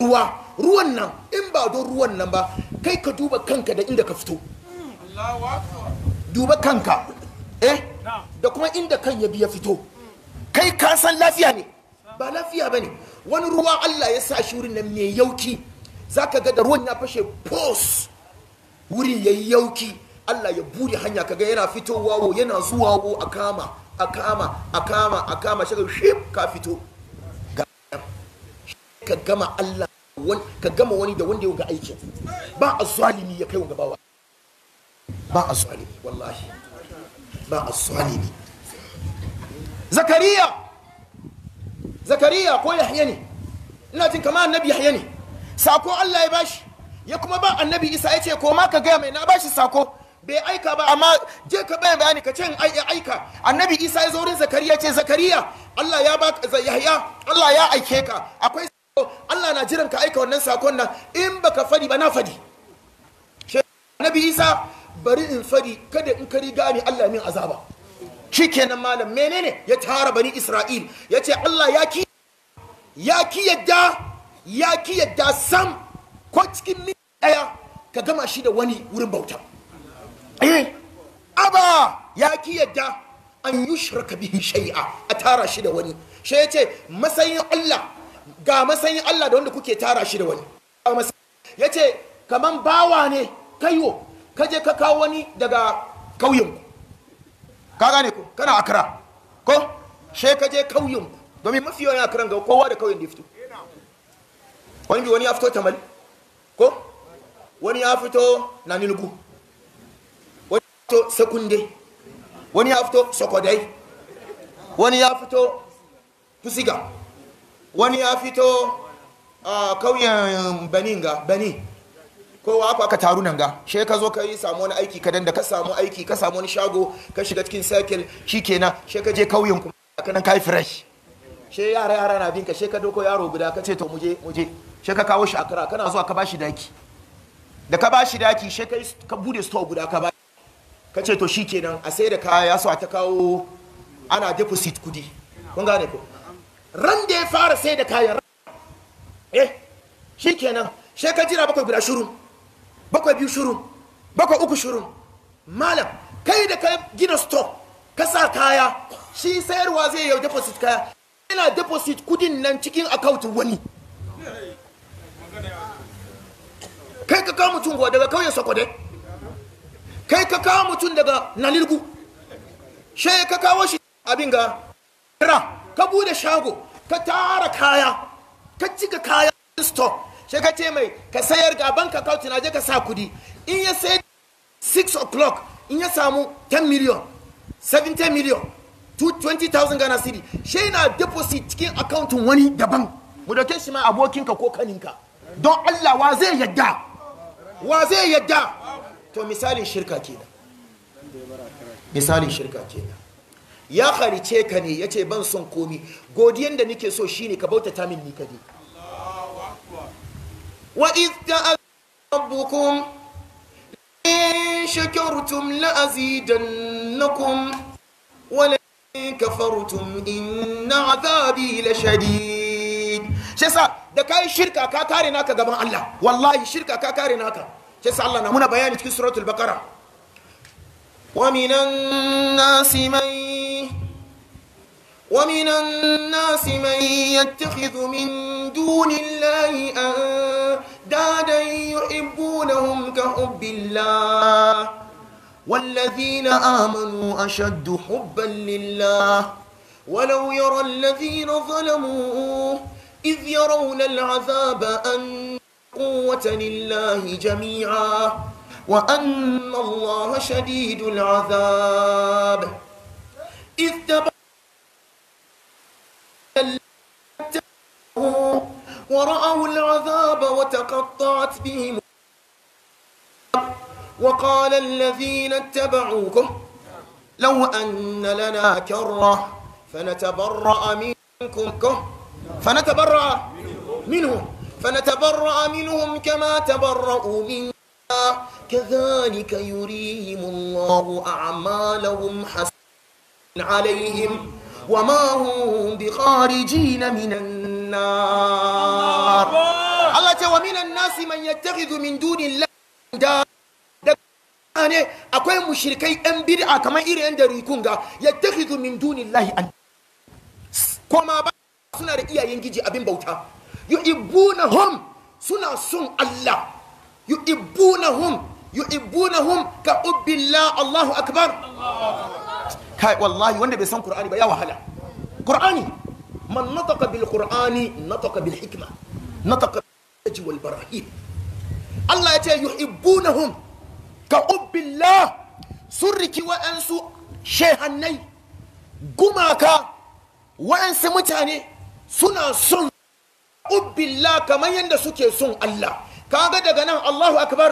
ruwa ruwan nan in ba don ruwan nan ba kai ka duba kanka da inda ka fito duba kanka eh da kuma inda kan ya biya fito kai ka san lafiya ne ba lafiya ba ne wani ruwa allah ya sa shi wurin nan mai yauki za ka ga da ruwan ya fashe pos wurin ya yi yauki Allah ya bude hanya kaga yana fitowa wo yana zuwa wo a kama a kama a kama a kama shi shif ka fito ka gama Allah ka gama wani da wanda ya ga aikin ba a zalimi ya kai wa bawa ba a zalimi wallahi ba a zalimi zakariya zakariya ko yahya ne ina jin kama annabi yahya ne sako Allah ya bashi ya kuma ba annabi isa ya ce koma ka gaya mai na bashi sako bai aika ba amma je ka bayan bayani ka ce in aika annabi isa ya zo wurin zakariya ce zakariya allah ya ba yahya allah ya aike ka akwai sako allah na jiran ka aika wannan sakon nan in baka fadi ba na fadi annabi isa bari in fadi kada in ka riga ni allah min azaba shikenan malam menene ya tara bani isra'il ya ce allah ya ki ya ki yadda ya ki yadda sam ko cikin min daya ka gama shi da wani wurin bauta eh, aba ya ki yadda an yi shirka bihi shai'a a tara shi da wani shi ya ce masayin Allah ga masayin Allah da wanda kuke tara shi da wani ya ce kaman bawa ne kaiwo kaje ka kawo wani daga ku ka gane ku kana akara ko she kaje ku domin mafi yawan akaran ga kowa da kauyen da ya fito wani bi wani ya fito tamali ko wani ya fito na nilgu wani ya fito sekunde wani ya fito sokodai wani ya fito fusiga wani ya fito a kauyen benin ga benin kowa aka aka taru nan ga shi ka zo ka yi samu wani aiki kadan da ka samu aiki ka samu wani shago ka shiga cikin circle kenan shi ka je kauyen kuma ka nan kai fresh shi yara yara na binka shi ka doko yaro guda ka ce to muje muje shi ka kawo shi a kara kana zuwa ka bashi daki da ka bashi daki shi ka bude store guda ka bashi ka ce to shi kenan a sai da kaya so a ta kawo ana deposit kudi kun gane ko ran da ya fara sai da kaya eh shi kenan shi ka jira bakwai guda shuru bakwai biyu shuru bakwai uku shuru malam kai da ka gina store ka sa kaya shi sayarwa zai yau deposit kaya yana deposit kudin nan cikin account wani kai ka kawo mutum daga kauyen sakwade kai ka kawo mutum daga nalirgu shi ka kawo shi abin ga ra ka bude shago ka tara kaya ka cika kaya store shi ka ce mai ka sayar ga bank account na je ka sa kudi in ya sai 6 o'clock in ya samu 10 million 70 million 20,000 Ghana city shi na deposit cikin akauntun wani daban mu dauke shi ma abokinka ko kaninka don Allah wa zai yadda wa zai yadda to misalin shirka kenan misalin shirka kenan ya harice ka ne ya ce ban son komi godiyan da nike so shine ka bautata min ni kaje wa izda ta'abbukum in shakartum la azidannakum wa la kafartum inna azabi la shadid shi yasa da kai shirka ka kare naka gaban Allah wallahi shirka ka kare naka shi yasa Allah na muna bayani cikin suratul baqara wa minan nasi man ومن الناس من يتخذ من دون الله أندادا يحبونهم كحب الله والذين آمنوا أشد حبا لله ولو يرى الذين ظلموا إذ يرون العذاب أن قوة لله جميعا وأن الله شديد العذاب إذ تبعوا ورأوا العذاب وتقطعت بهم وقال الذين اتبعوكم لو أن لنا كرة فنتبرأ منكم فنتبرأ منهم فنتبرأ منهم كما تبرأوا منا كذلك يريهم الله أعمالهم حسن عليهم وما هم بخارجين من النار الله تعالى ومن الناس من يتخذ من دون الله ne akwai mushrikai yan bid'a kamar irin yan da rikun ga yattakhidhu min dunillahi an koma ba suna da iyayen giji abin bauta yu'ibbunahum suna son Allah yu'ibbunahum hum! ka ubbillah Allahu akbar kai wallahi wanda bai san Qur'ani ba ya wahala Qur'ani man nataka bil Qur'ani nataka bil hikma nataka bil wal barahim Allah ya ce hum! ka ubbillah sun riki wa'ansu shehannai gumaka wa'ansu mutane suna son ubbillah kamar yadda suke son Allah kaga daga nan Allahu akbar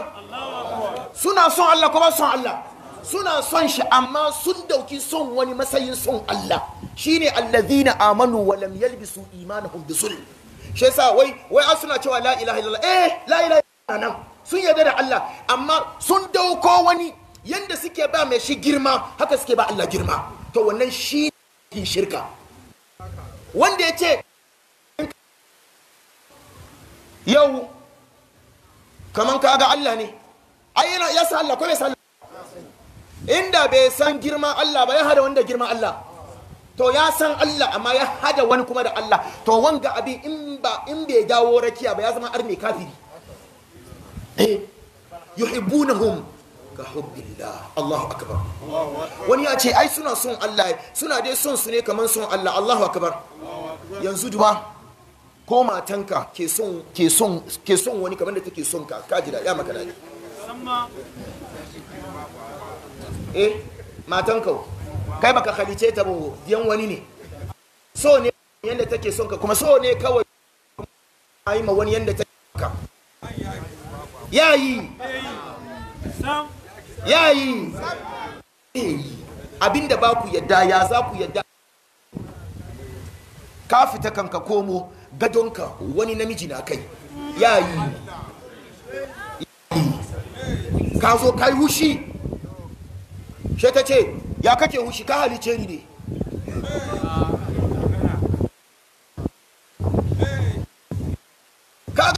suna son Allah kuma son Allah suna son shi amma sun dauki son wani matsayin son Allah shine allazina amanu wa lam yalbisu imanahum bisulm shi yasa wai wai suna cewa la ilaha illallah eh la ilaha nan sun yarda da Allah amma sun dauko wani yanda suke ba mai shi girma haka suke ba Allah girma to wannan shi shirka wanda ya ce yau kaman kaga Allah ne ai yana ya san Allah ko bai san inda bai san girman Allah ba ya hada wanda girman Allah to ya san Allah amma ya hada wani kuma da Allah to wanga abi in ba in bai jawo rakiya ba ya zama arme kafiri eh, yuhibbunahum ka hubbillah Allahu akbar wani ya ce ai suna son Allah suna dai son su ne kaman son Allah Allahu akbar yanzu duba ko matanka ke son wani kamar da take son ka ka da ya maka dadi eh matanka kai baka halice ta ba yan wani ne so ne yanda take son ka kuma so ne kawai ayi ma wani yanda take ka yayi yayi abinda ba ku yadda ya za ku yadda ka fita kanka komo gadonka wani namiji na kai ya yi ka zo kai hushi shi ta ce ya kake hushi ka halice ni ne ka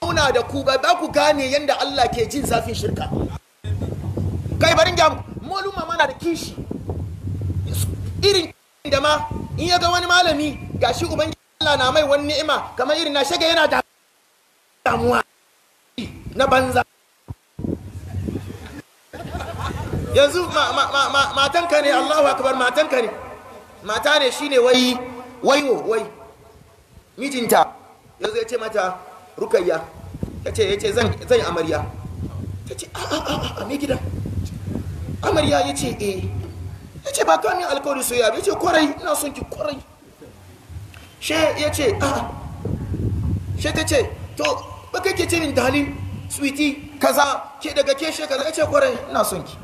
kuna da ku ba ku gane yadda Allah ke jin zafin shirka kai barin gyamu mama mana da kishi irin da ma in ya ga wani malami gashi ubangi Allah na mai wani ni'ima kamar irin na shege yana damuwa na banza yanzu matanka ne Allahu akbar matanka ne mata ne shine wai wai wai mijinta yanzu ya ce mata rukayya ya ce ya ce zan amarya ta ce a a a me gidan amarya ya ce eh ya ce ba kamin alkawari soyayya ya ce kwarai ina son ki kwarai she ya ce a she ta ce to ba ke ce min dali sweetie kaza ke daga ke she kaza ya ce kwarai ina son ki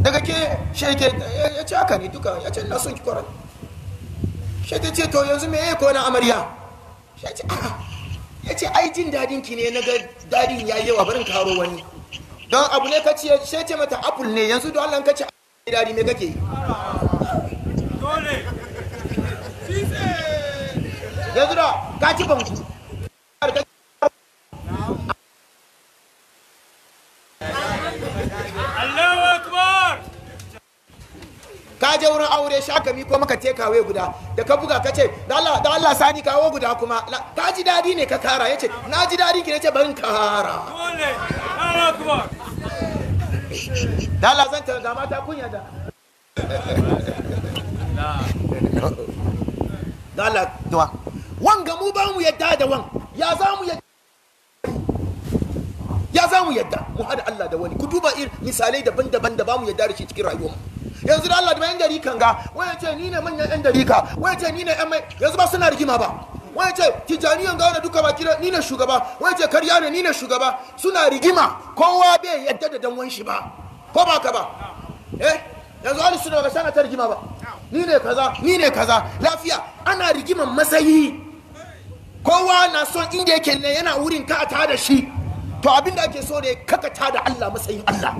daga ke she ke ya ce haka ne duka ya ce ina son ki kwarai she ta ce to yanzu me ya kona amarya she ce a ya ce ai jin dadin ki ne na ga ya yi wa barin karo wani don abu ne kace she ce mata apple ne yanzu don Allah kace dadi me kake dole yanzu da Allahu akbar ka je wurin aure shi aka miko maka tekawe guda da ka buga ka ce da Allah da Allah sani kawo guda kuma ka ji dadi ne ka kara yace na ji dadi ki yace ban kara dole Allahu akbar da Allah zan ta kunya da da Allah duwa wanga mu ba mu yadda da wan ya za mu yadda ya za mu yadda mu hada Allah da wani ku duba ir misalai daban-daban da ba mu yadda da shi cikin rayuwa yanzu da Allah da yan dari kan ga waya ce ni ne manyan yan dari ka waya ce ni ne yan mai yanzu ba suna rigima ba waya ce tijaniyan ga wanda duka ba kira ni ne shugaba waya ce karya ne ni ne shugaba suna rigima kowa bai yadda da dan wanshi ba ko ba ka ba eh yanzu ali suna ba sana ta rigima ba ni ne kaza ni ne kaza lafiya ana rigiman masayi kowa na son inda yake ne yana wurin ka ta da shi to abin da ake so ne kaka ta da Allah matsayin Allah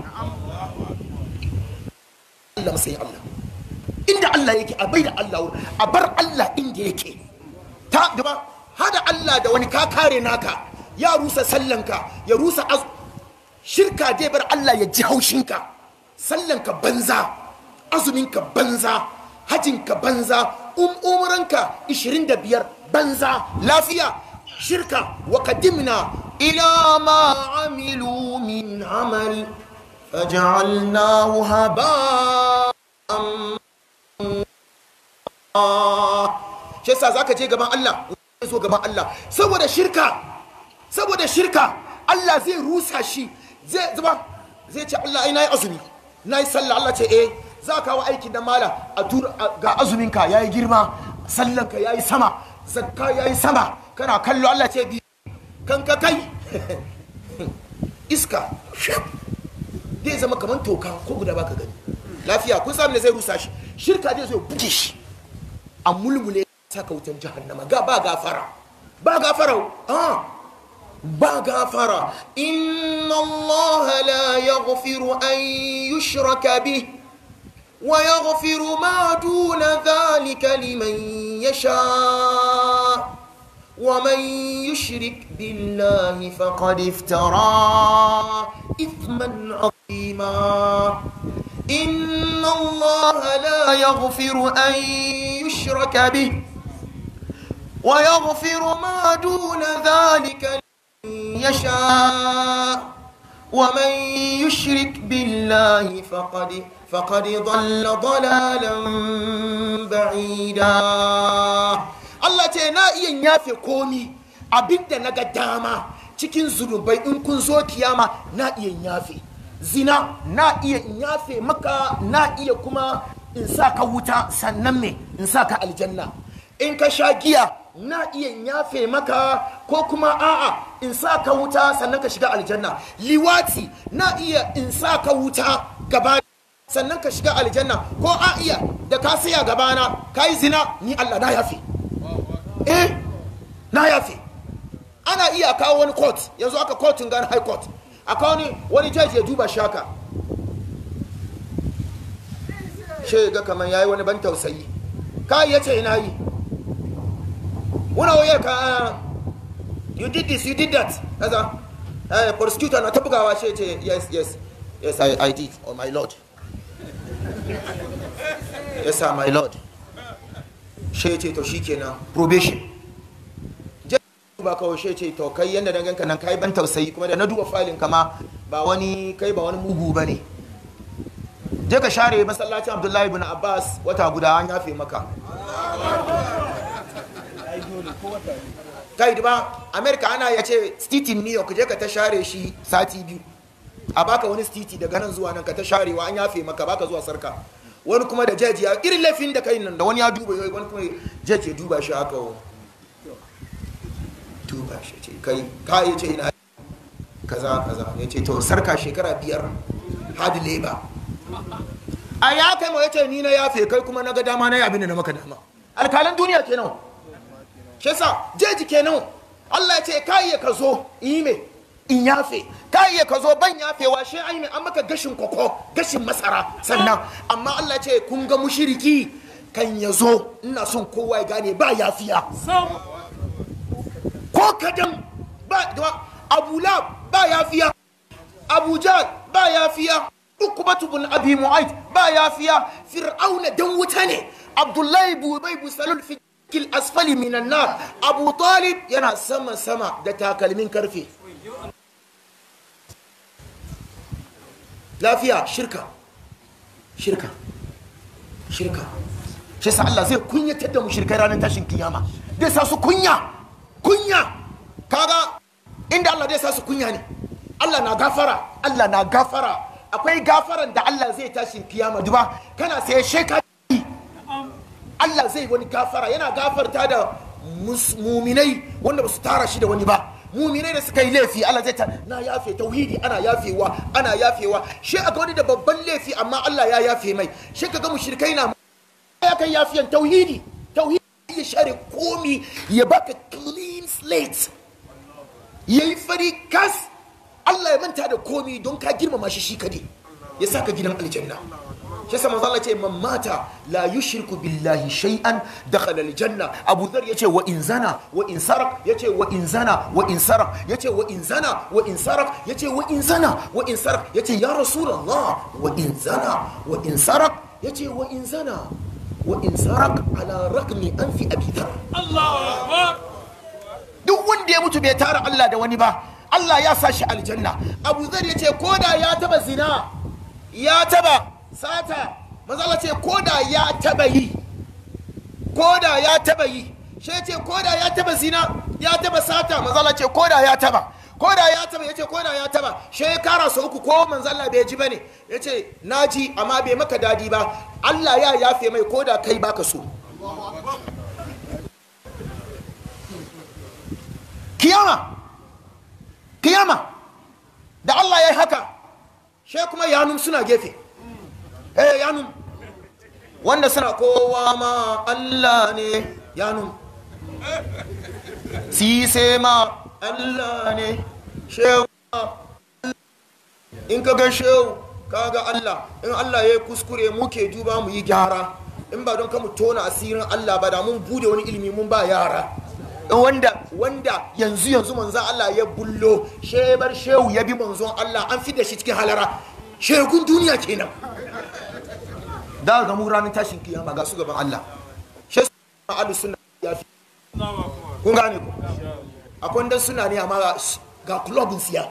Allah matsayin Allah inda Allah yake a bai da Allah a bar Allah inda yake ta gaba hada Allah da wani ka kare naka ya rusa sallanka ya rusa az shirka dai bar Allah ya ji haushinka sallanka banza azuminka banza hajinka banza um-, umuranka 25 banza lafiya shirka wa qadimna ila ma amilu min amali faj'alnahu haba'an shi yasa zaka je gaban Allah so gaban Allah saboda shirka saboda shirka Allah zai rusa shi zai zuba zai ce Allah ai nayi azumi nayi sallah Allah ce eh za ka wa aiki da mala a ga azuminka yayi girma sallanka yayi sama zakka yayi sama kana kallo Allah ce bi ka kai iska zai zama kamar toka ko guda baka gani lafiya kun sami zai rusa shi shirka zai zo buge shi a mulmule saka wutan jahannama ga ba gafara ba gafara ah ba gafara inna allaha la yaghfiru an yushraka bihi ويغفر ما دون ذلك لمن يشاء ومن يشرك بالله فقد افترى إثما عظيما إن الله لا يغفر أن يشرك به ويغفر ما دون ذلك لمن يشاء ومن يشرك بالله فقد فقد ضل ضلالا بعيدا Allah ce na iya yafe komi abinda na ga dama cikin zunubai in kun zo kiyama na iya yafe zina na iya yafe maka na iya kuma in sa ka wuta sannan me in sa ka aljanna in ka sha giya na iya yafe maka ko kuma a'a in sa ka wuta sannan ka shiga aljanna liwati na iya in sa ka wuta gaba sannan ka shiga aljanna ko a iya da ka saya gabana ka yi zina ni Allah na yafe eh na yafe ana iya kawo wani court yanzu aka kotun gan high court a kawo wani judge ya duba shaka shi ga kamar yayi wani ban tausayi kai yace ina yi wuna wayar ka ah, you did this you did that kaza eh prosecutor na wa shi ce yes yes yes i i did oh my lord yes sir my lord shi ce to shikenan probation ba kawai shi ce to kai yanda dan ganka nan kai ban tausayi kuma da na duba filin kama ba wani kai ba wani mugu bane je ka share masallacin Abdullahi ibn Abbas wata guda an yafe maka kai ba america ana ya ce stitin new york je ka ta share shi sati biyu a baka wani stiti daga nan zuwa nan ka ta sharewa an yafe maka baka zuwa sarka wani kuma da jaji ya irin laifin da kai nan da wani ya duba yau wani kuma jaji ya duba shi haka oh. duba shi ce kai ka yi ce ina kaza kaza ya ce to sarka shekara biyar hard labor a ya kai ma ya ce ni na yafe kai kuma na ga dama na yi abin da na maka dama alkalin duniya ke nan shesa jeji kenan Allah ya ce ka iya ka zo yi me in yafe ka iya ka zo ban yafewa shi aini an maka gashin koko gashin masara sannan amma Allah ce kun ga mushiriki kan ya zo ina son kowa ya gane ba yafiya ko kadan ba abu lab ba yafiya abu jahl ba yafiya ukubatu bin abi mu'ayd ba yafiya fir'auna dan wuta ne abdullahi bubai salul fi kil asfali minan nar abu talib yana sama sama da takalmin karfe lafiya shirka shirka shirka shi sa Allah zai kunyatar da mushrikai ranar tashin kiyama zai sa su kunya kunya kaga inda Allah zai sa su kunya ne Allah na gafara Allah na gafara akwai gafaran da Allah zai tashin kiyama duba kana sai sheka Allah zai wani gafara yana gafarta da muminai wanda ba su tara shi da wani ba muminai da suka yi laifi Allah zai ta na yafe tauhidi ana yafewa ana yafewa shi aka wani da babban laifi amma Allah ya yafe mai shi ka ga mushrikai na ya kai yafiyan tauhidi tauhidi ya share komi ya baka clean slate yi fari kas Allah ya manta da komi don ka girmama shi shi kade ya saka gidan aljanna shi yasa manzo ce man mata la yushriku billahi shay'an dakhala aljanna Abu Dharr yace wa in zana wa in sarak yace wa in zana wa in sarak yace wa in zana wa in sarak yace wa in zana wa in sarak yace ya rasulullah wa in zana wa in sarak yace wa in zana wa in sarak ala raqmi anfi abi Dharr Allahu akbar duk wanda ya mutu bai tara Allah da wani ba Allah ya sa shi aljanna Abu Dharr yace koda ya taba zina ya taba sata mazala ce ko da ya taba yi ko da ya taba yi shi ce ko da ya taba zina ya taba sata mazala ce ko da ya taba ko da ya taba yace ko da ya taba she ya kara sau uku ko manzalla bai ji bane yace ji amma bai maka dadi ba Allah ya yafe mai ko da kai baka so kiyama kiyama da Allah ya yi haka shi kuma yanum suna gefe hey, eh, ya wanda suna kowa ma Allah ne ya Si sise ma Allah ne shehu in ka ga shehu ka ga Allah in Allah ya yi kuskure muke duba mu yi gyara in ba don ka mu tona asirin Allah ba da mun bude wani ilimi mun ba yara wanda wanda yanzu yanzu manzo Allah ya bullo shebar shehu ya bi manzo Allah an fi da shi cikin halara shegun duniya kenan da ga mu ranar tashin kiyama ga su gaban Allah shi suna alu suna ya fi kun gane ku akwai dan suna ne amma ga club siya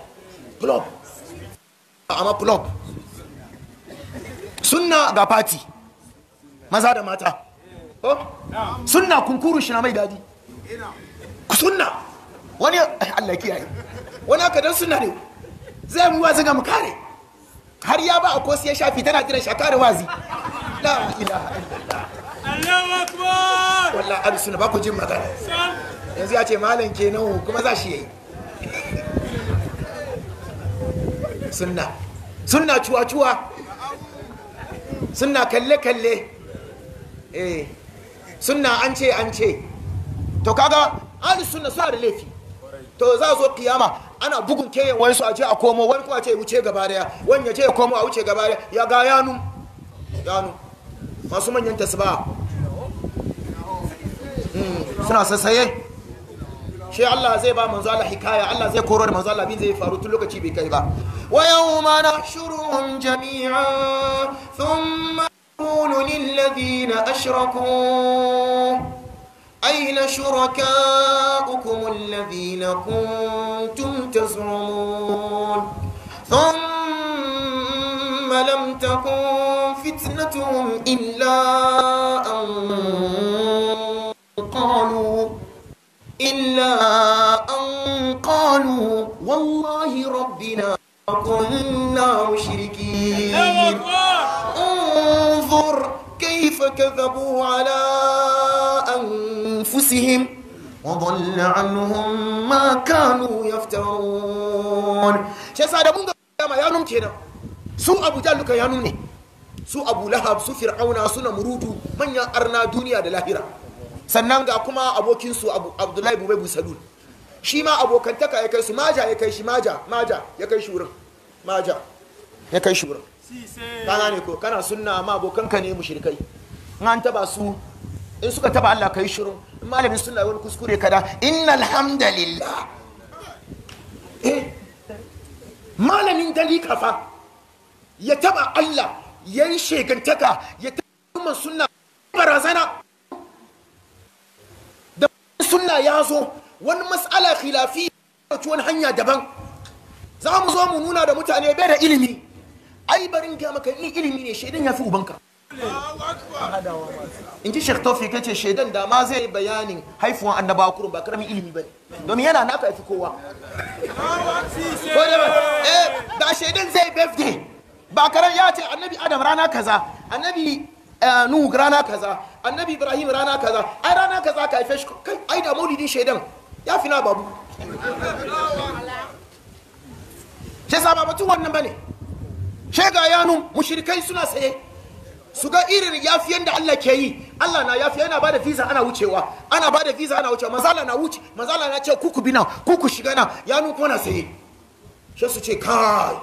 club amma club sunna ga party maza da mata sunna kunkuru shi na mai dadi sunna wani Allah kiyaye wani aka dan sunna ne zai mu wa zaga mu kare har ya ba a ko sai shafi tana kiran shakar wazi la ilaha illallah Allahu akbar wallahi abi ba ku jin magana yanzu ya ce malam kenan kuma za shi yayi sunna sunna cuwa cuwa sunna kalle kalle eh sunna an ce an ce to kaga ahli suna da laifi to za zo kiyama ana bugun keyan wani su a ce a komo wani kuma ce wuce gaba daya wani ya ce ya komo a wuce gaba daya ya ga yanu yanu masu manyan ba hmm. suna sassaye shi Allah zai ba manzo Allah hikaya Allah zai koro da manzo Allah bin zai faru tun lokaci bai kai ba wa yawma nahshuruhum jami'a thumma naqulu lil ladina ashraku أين شركاؤكم الذين كنتم تزعمون ثم لم تكن فتنتهم إلا أن قالوا إلا أن قالوا والله ربنا كنا مشركين انظر فكذبوا على أنفسهم وضل عنهم ما كانوا يفترون كينا سو أبو su abu lahab su fir'auna suna murutu manyan arna duniya da lahira sannan ga kuma abokinsu abdullahi bubai busadul shi ma abokantaka ya kai su maja ya kai shi maja maja ya kai shi wurin maja ya kai shi wurin ne ko kana sunna amma abokanka ne mushrikai an taba su in suka taba Allah kai shiru in malamin sunna wani kuskure kada innal hamdalillah eh, malamin dalika fa ya taba Allah ya yi shegantaka ya taba sunna barazana da sunna ya zo wani matsala khilafi wani hanya daban za mu zo mu nuna da mutane bai da ilimi ai barin ga maka ilimi ne shaidan ya fi ubanka in ji shekh tofik ya ce shaidan da ma zai bayanin haifuwan annaba kurun ba karamin ilimi ba ne domin yana naka haifi kowa da eh, shaidan zai birthday ba karan ya ce annabi adam rana kaza annabi eh, nuhu rana kaza annabi ibrahim rana kaza ai rana kaza ka haife shi kai ai da maulidin shaidan ya fi na babu shi sa ba batun wannan bane shega yanu mushrikai suna saye su ga irin yafiyan da Allah ke yi Allah na yafiya yana bada visa ana wucewa ana bada visa ana wucewa mazala na wuce mazala na ce kuku bina kuku shiga na ya nu kuma sai shi su ce kai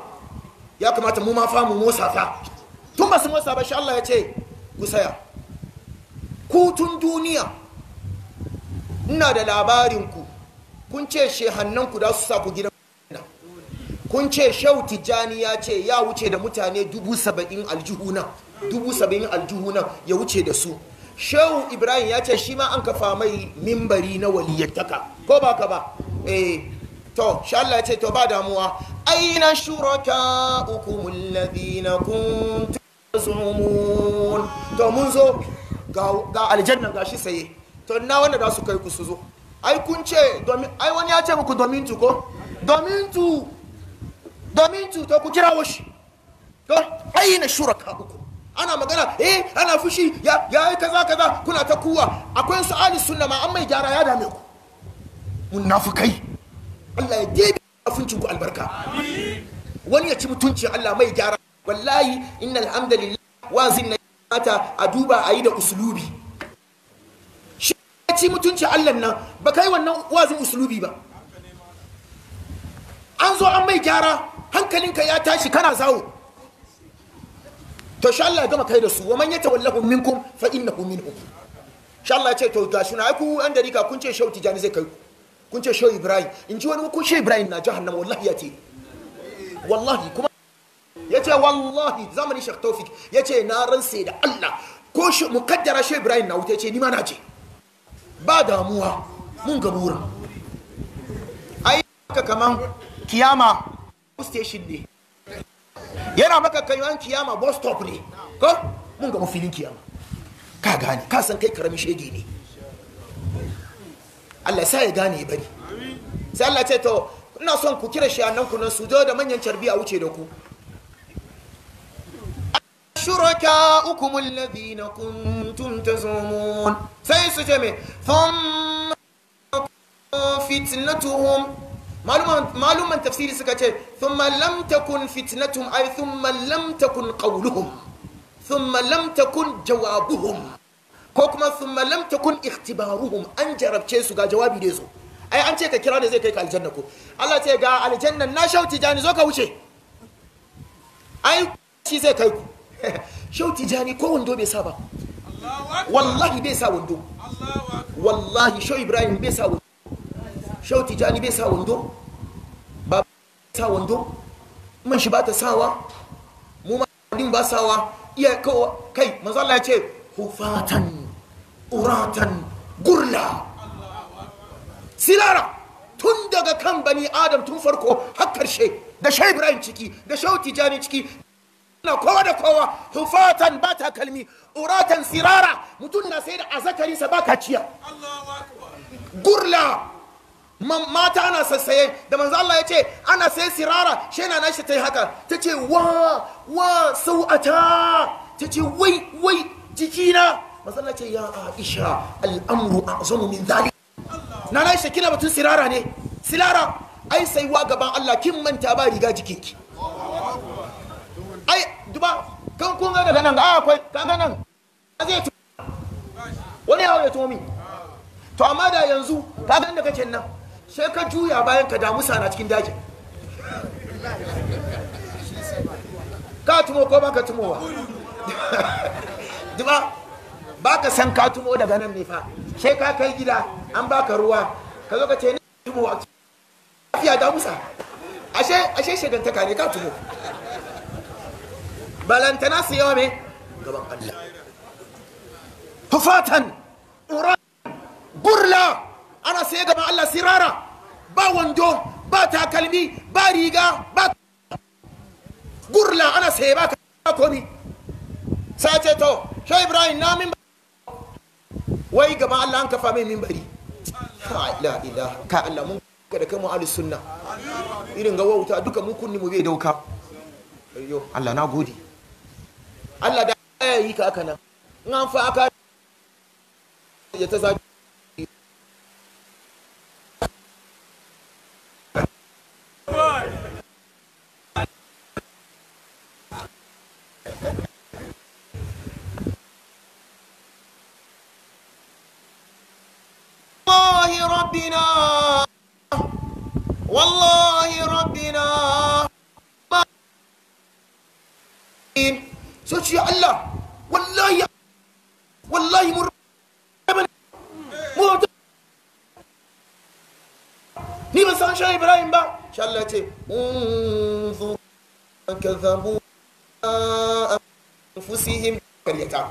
ya kamata mu ma fa mu motsa fa tun ba su motsa ba shi Allah ya ce ku saya Ku tun duniya ina da labarin ku kun ce shehannan ku da su sa ku gidan kun ce shau tijjani ya ce ya wuce da mutane dubu saba'in aljihuna dubu saba'in nan ya wuce da su shehu ibrahim ya ce shi ma an kafa mai mimbari na waliyattaka ko ba ka ba eh to sha Allah ya ce to ba damuwa aina shuraka ukumul ladina kuntum tasumun to mun zo ga aljanna gashi saye to na wanda da su kai ku su zo ai kun ce domin, ai wani ya ce muku domin tu ko domin tu domin tu to ku kira washi to aina shuraka uku ana magana eh ana fushi ya yi kaza kaza kuna ta kuwa akwai su ali sunna ma an mai gyara ya dame ku munafukai Allah ya ku albarka wani ya ci mutunci Allah mai gyara wallahi innal hamdalillah wa na mata a duba a yi da usulubi shi ya ci mutunci Allah nan ba kai wannan wazin usulubi ba an zo an mai gyara hankalinka ya tashi kana zawo to sha Allah ya gama kai da su wa man yatawallahu minkum fa innahu minhum sha Allah ya ce to ga na ku an dari ka kun ce shau tijani zai kai ku kun ce shau ibrahim in ji wani kun ce ibrahim na jahannama wallahi ya ce wallahi kuma ya ce wallahi zamani shek tawfik ya ce na ran sai da Allah ko shi mukaddara shau ibrahim na wuta ya ce ni ma na ce ba damuwa mun ga gabura ai haka kaman kiyama station ne yana maka kayan kiyama bus stop ne ko mun gama filin kiyama ka gane ka san kai karamin shege ne Allah sa ya gane bari sai Allah ce to ina son ku kira shi annan ku nan su zo da manyan carbi a wuce da ku شركاؤكم الذين كنتم تزعمون سيسجمي ثم fitnatuhum maluman tafsiri suka ce thumma lam takun fitnatum ay thumma lam takun qawluhum thumma lam takun jawabuhum ko kuma thumma lam takun ikhtibaruhum an jarabce su ga jawabi da su? ai an ce ka kira ne zai kai ka aljanna ko Allah ce ga aljanna na shauti jani zo ka wuce ai shi zai kai ku shauti jani ko wando bai sa ba wallahi bai sa wando wallahi shau ibrahim bai sa wando shauti jani bai sa wando sa wando man shi ba ta sawa mu ma din ba sawa iya kawo kai manzo Allah ya ce hufatan uratan gurla silara tun daga kan bani adam tun farko har karshe da shai ibrahim ciki da shau tijani ciki na kowa da kowa hufatan ba takalmi uratan sirara mutum na sai da azakarinsa ba kaciya gurla mata ana sassaye da manzo Allah ya ce ana sai sirara shi na nashi ta yi haka ta ce wa wa sau'ata ta ce wai wai jikina manzo Allah ce ya Aisha al'amru zonu min zali. na nashi kina batun sirara ne sirara ai sai wa gaban Allah kin manta ba riga ki ai duba kan kun ga daga nan ah, ga akwai kaga nan zai wani ya haure tomi to amma da yanzu kaga da kake nan sai ka juya bayan ka damu na cikin dajin ka tumo ko ba ka tumowa duba ba ka san ka tumo daga nan ne fa sai ka kai gida an baka ruwa ka zo ka ce ne tumo a lafiya damusa ashe ashe shagantaka ne ka tumo balantana su yawa me gaban Allah fufatan uran gurla ana sai gaban Allah sirara ba wando ba takalmi ba riga ba gurla ana sai ba komi sace to shai ibrahim na min wai gaba Allah an kafa mai minbari bari. la ilaha ka Allah mun da kai mu ahli sunna irin ga wauta duka mun kunni mu bai dauka yo Allah na gode Allah da yi ka aka nan in an fa aka ya ta zaki والله ربنا ما سوتي يا الله والله يا والله مر ني بس انا شايف ابراهيم بقى شلتي انظر كذبوا انفسهم كريتا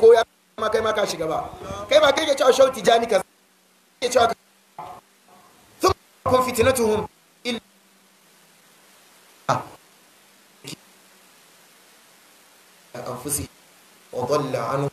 كويا ما كان ما كان شيء بقى كيف ما كان شيء تجاني كذا فتنتهم إلا أنفسهم وضل عنهم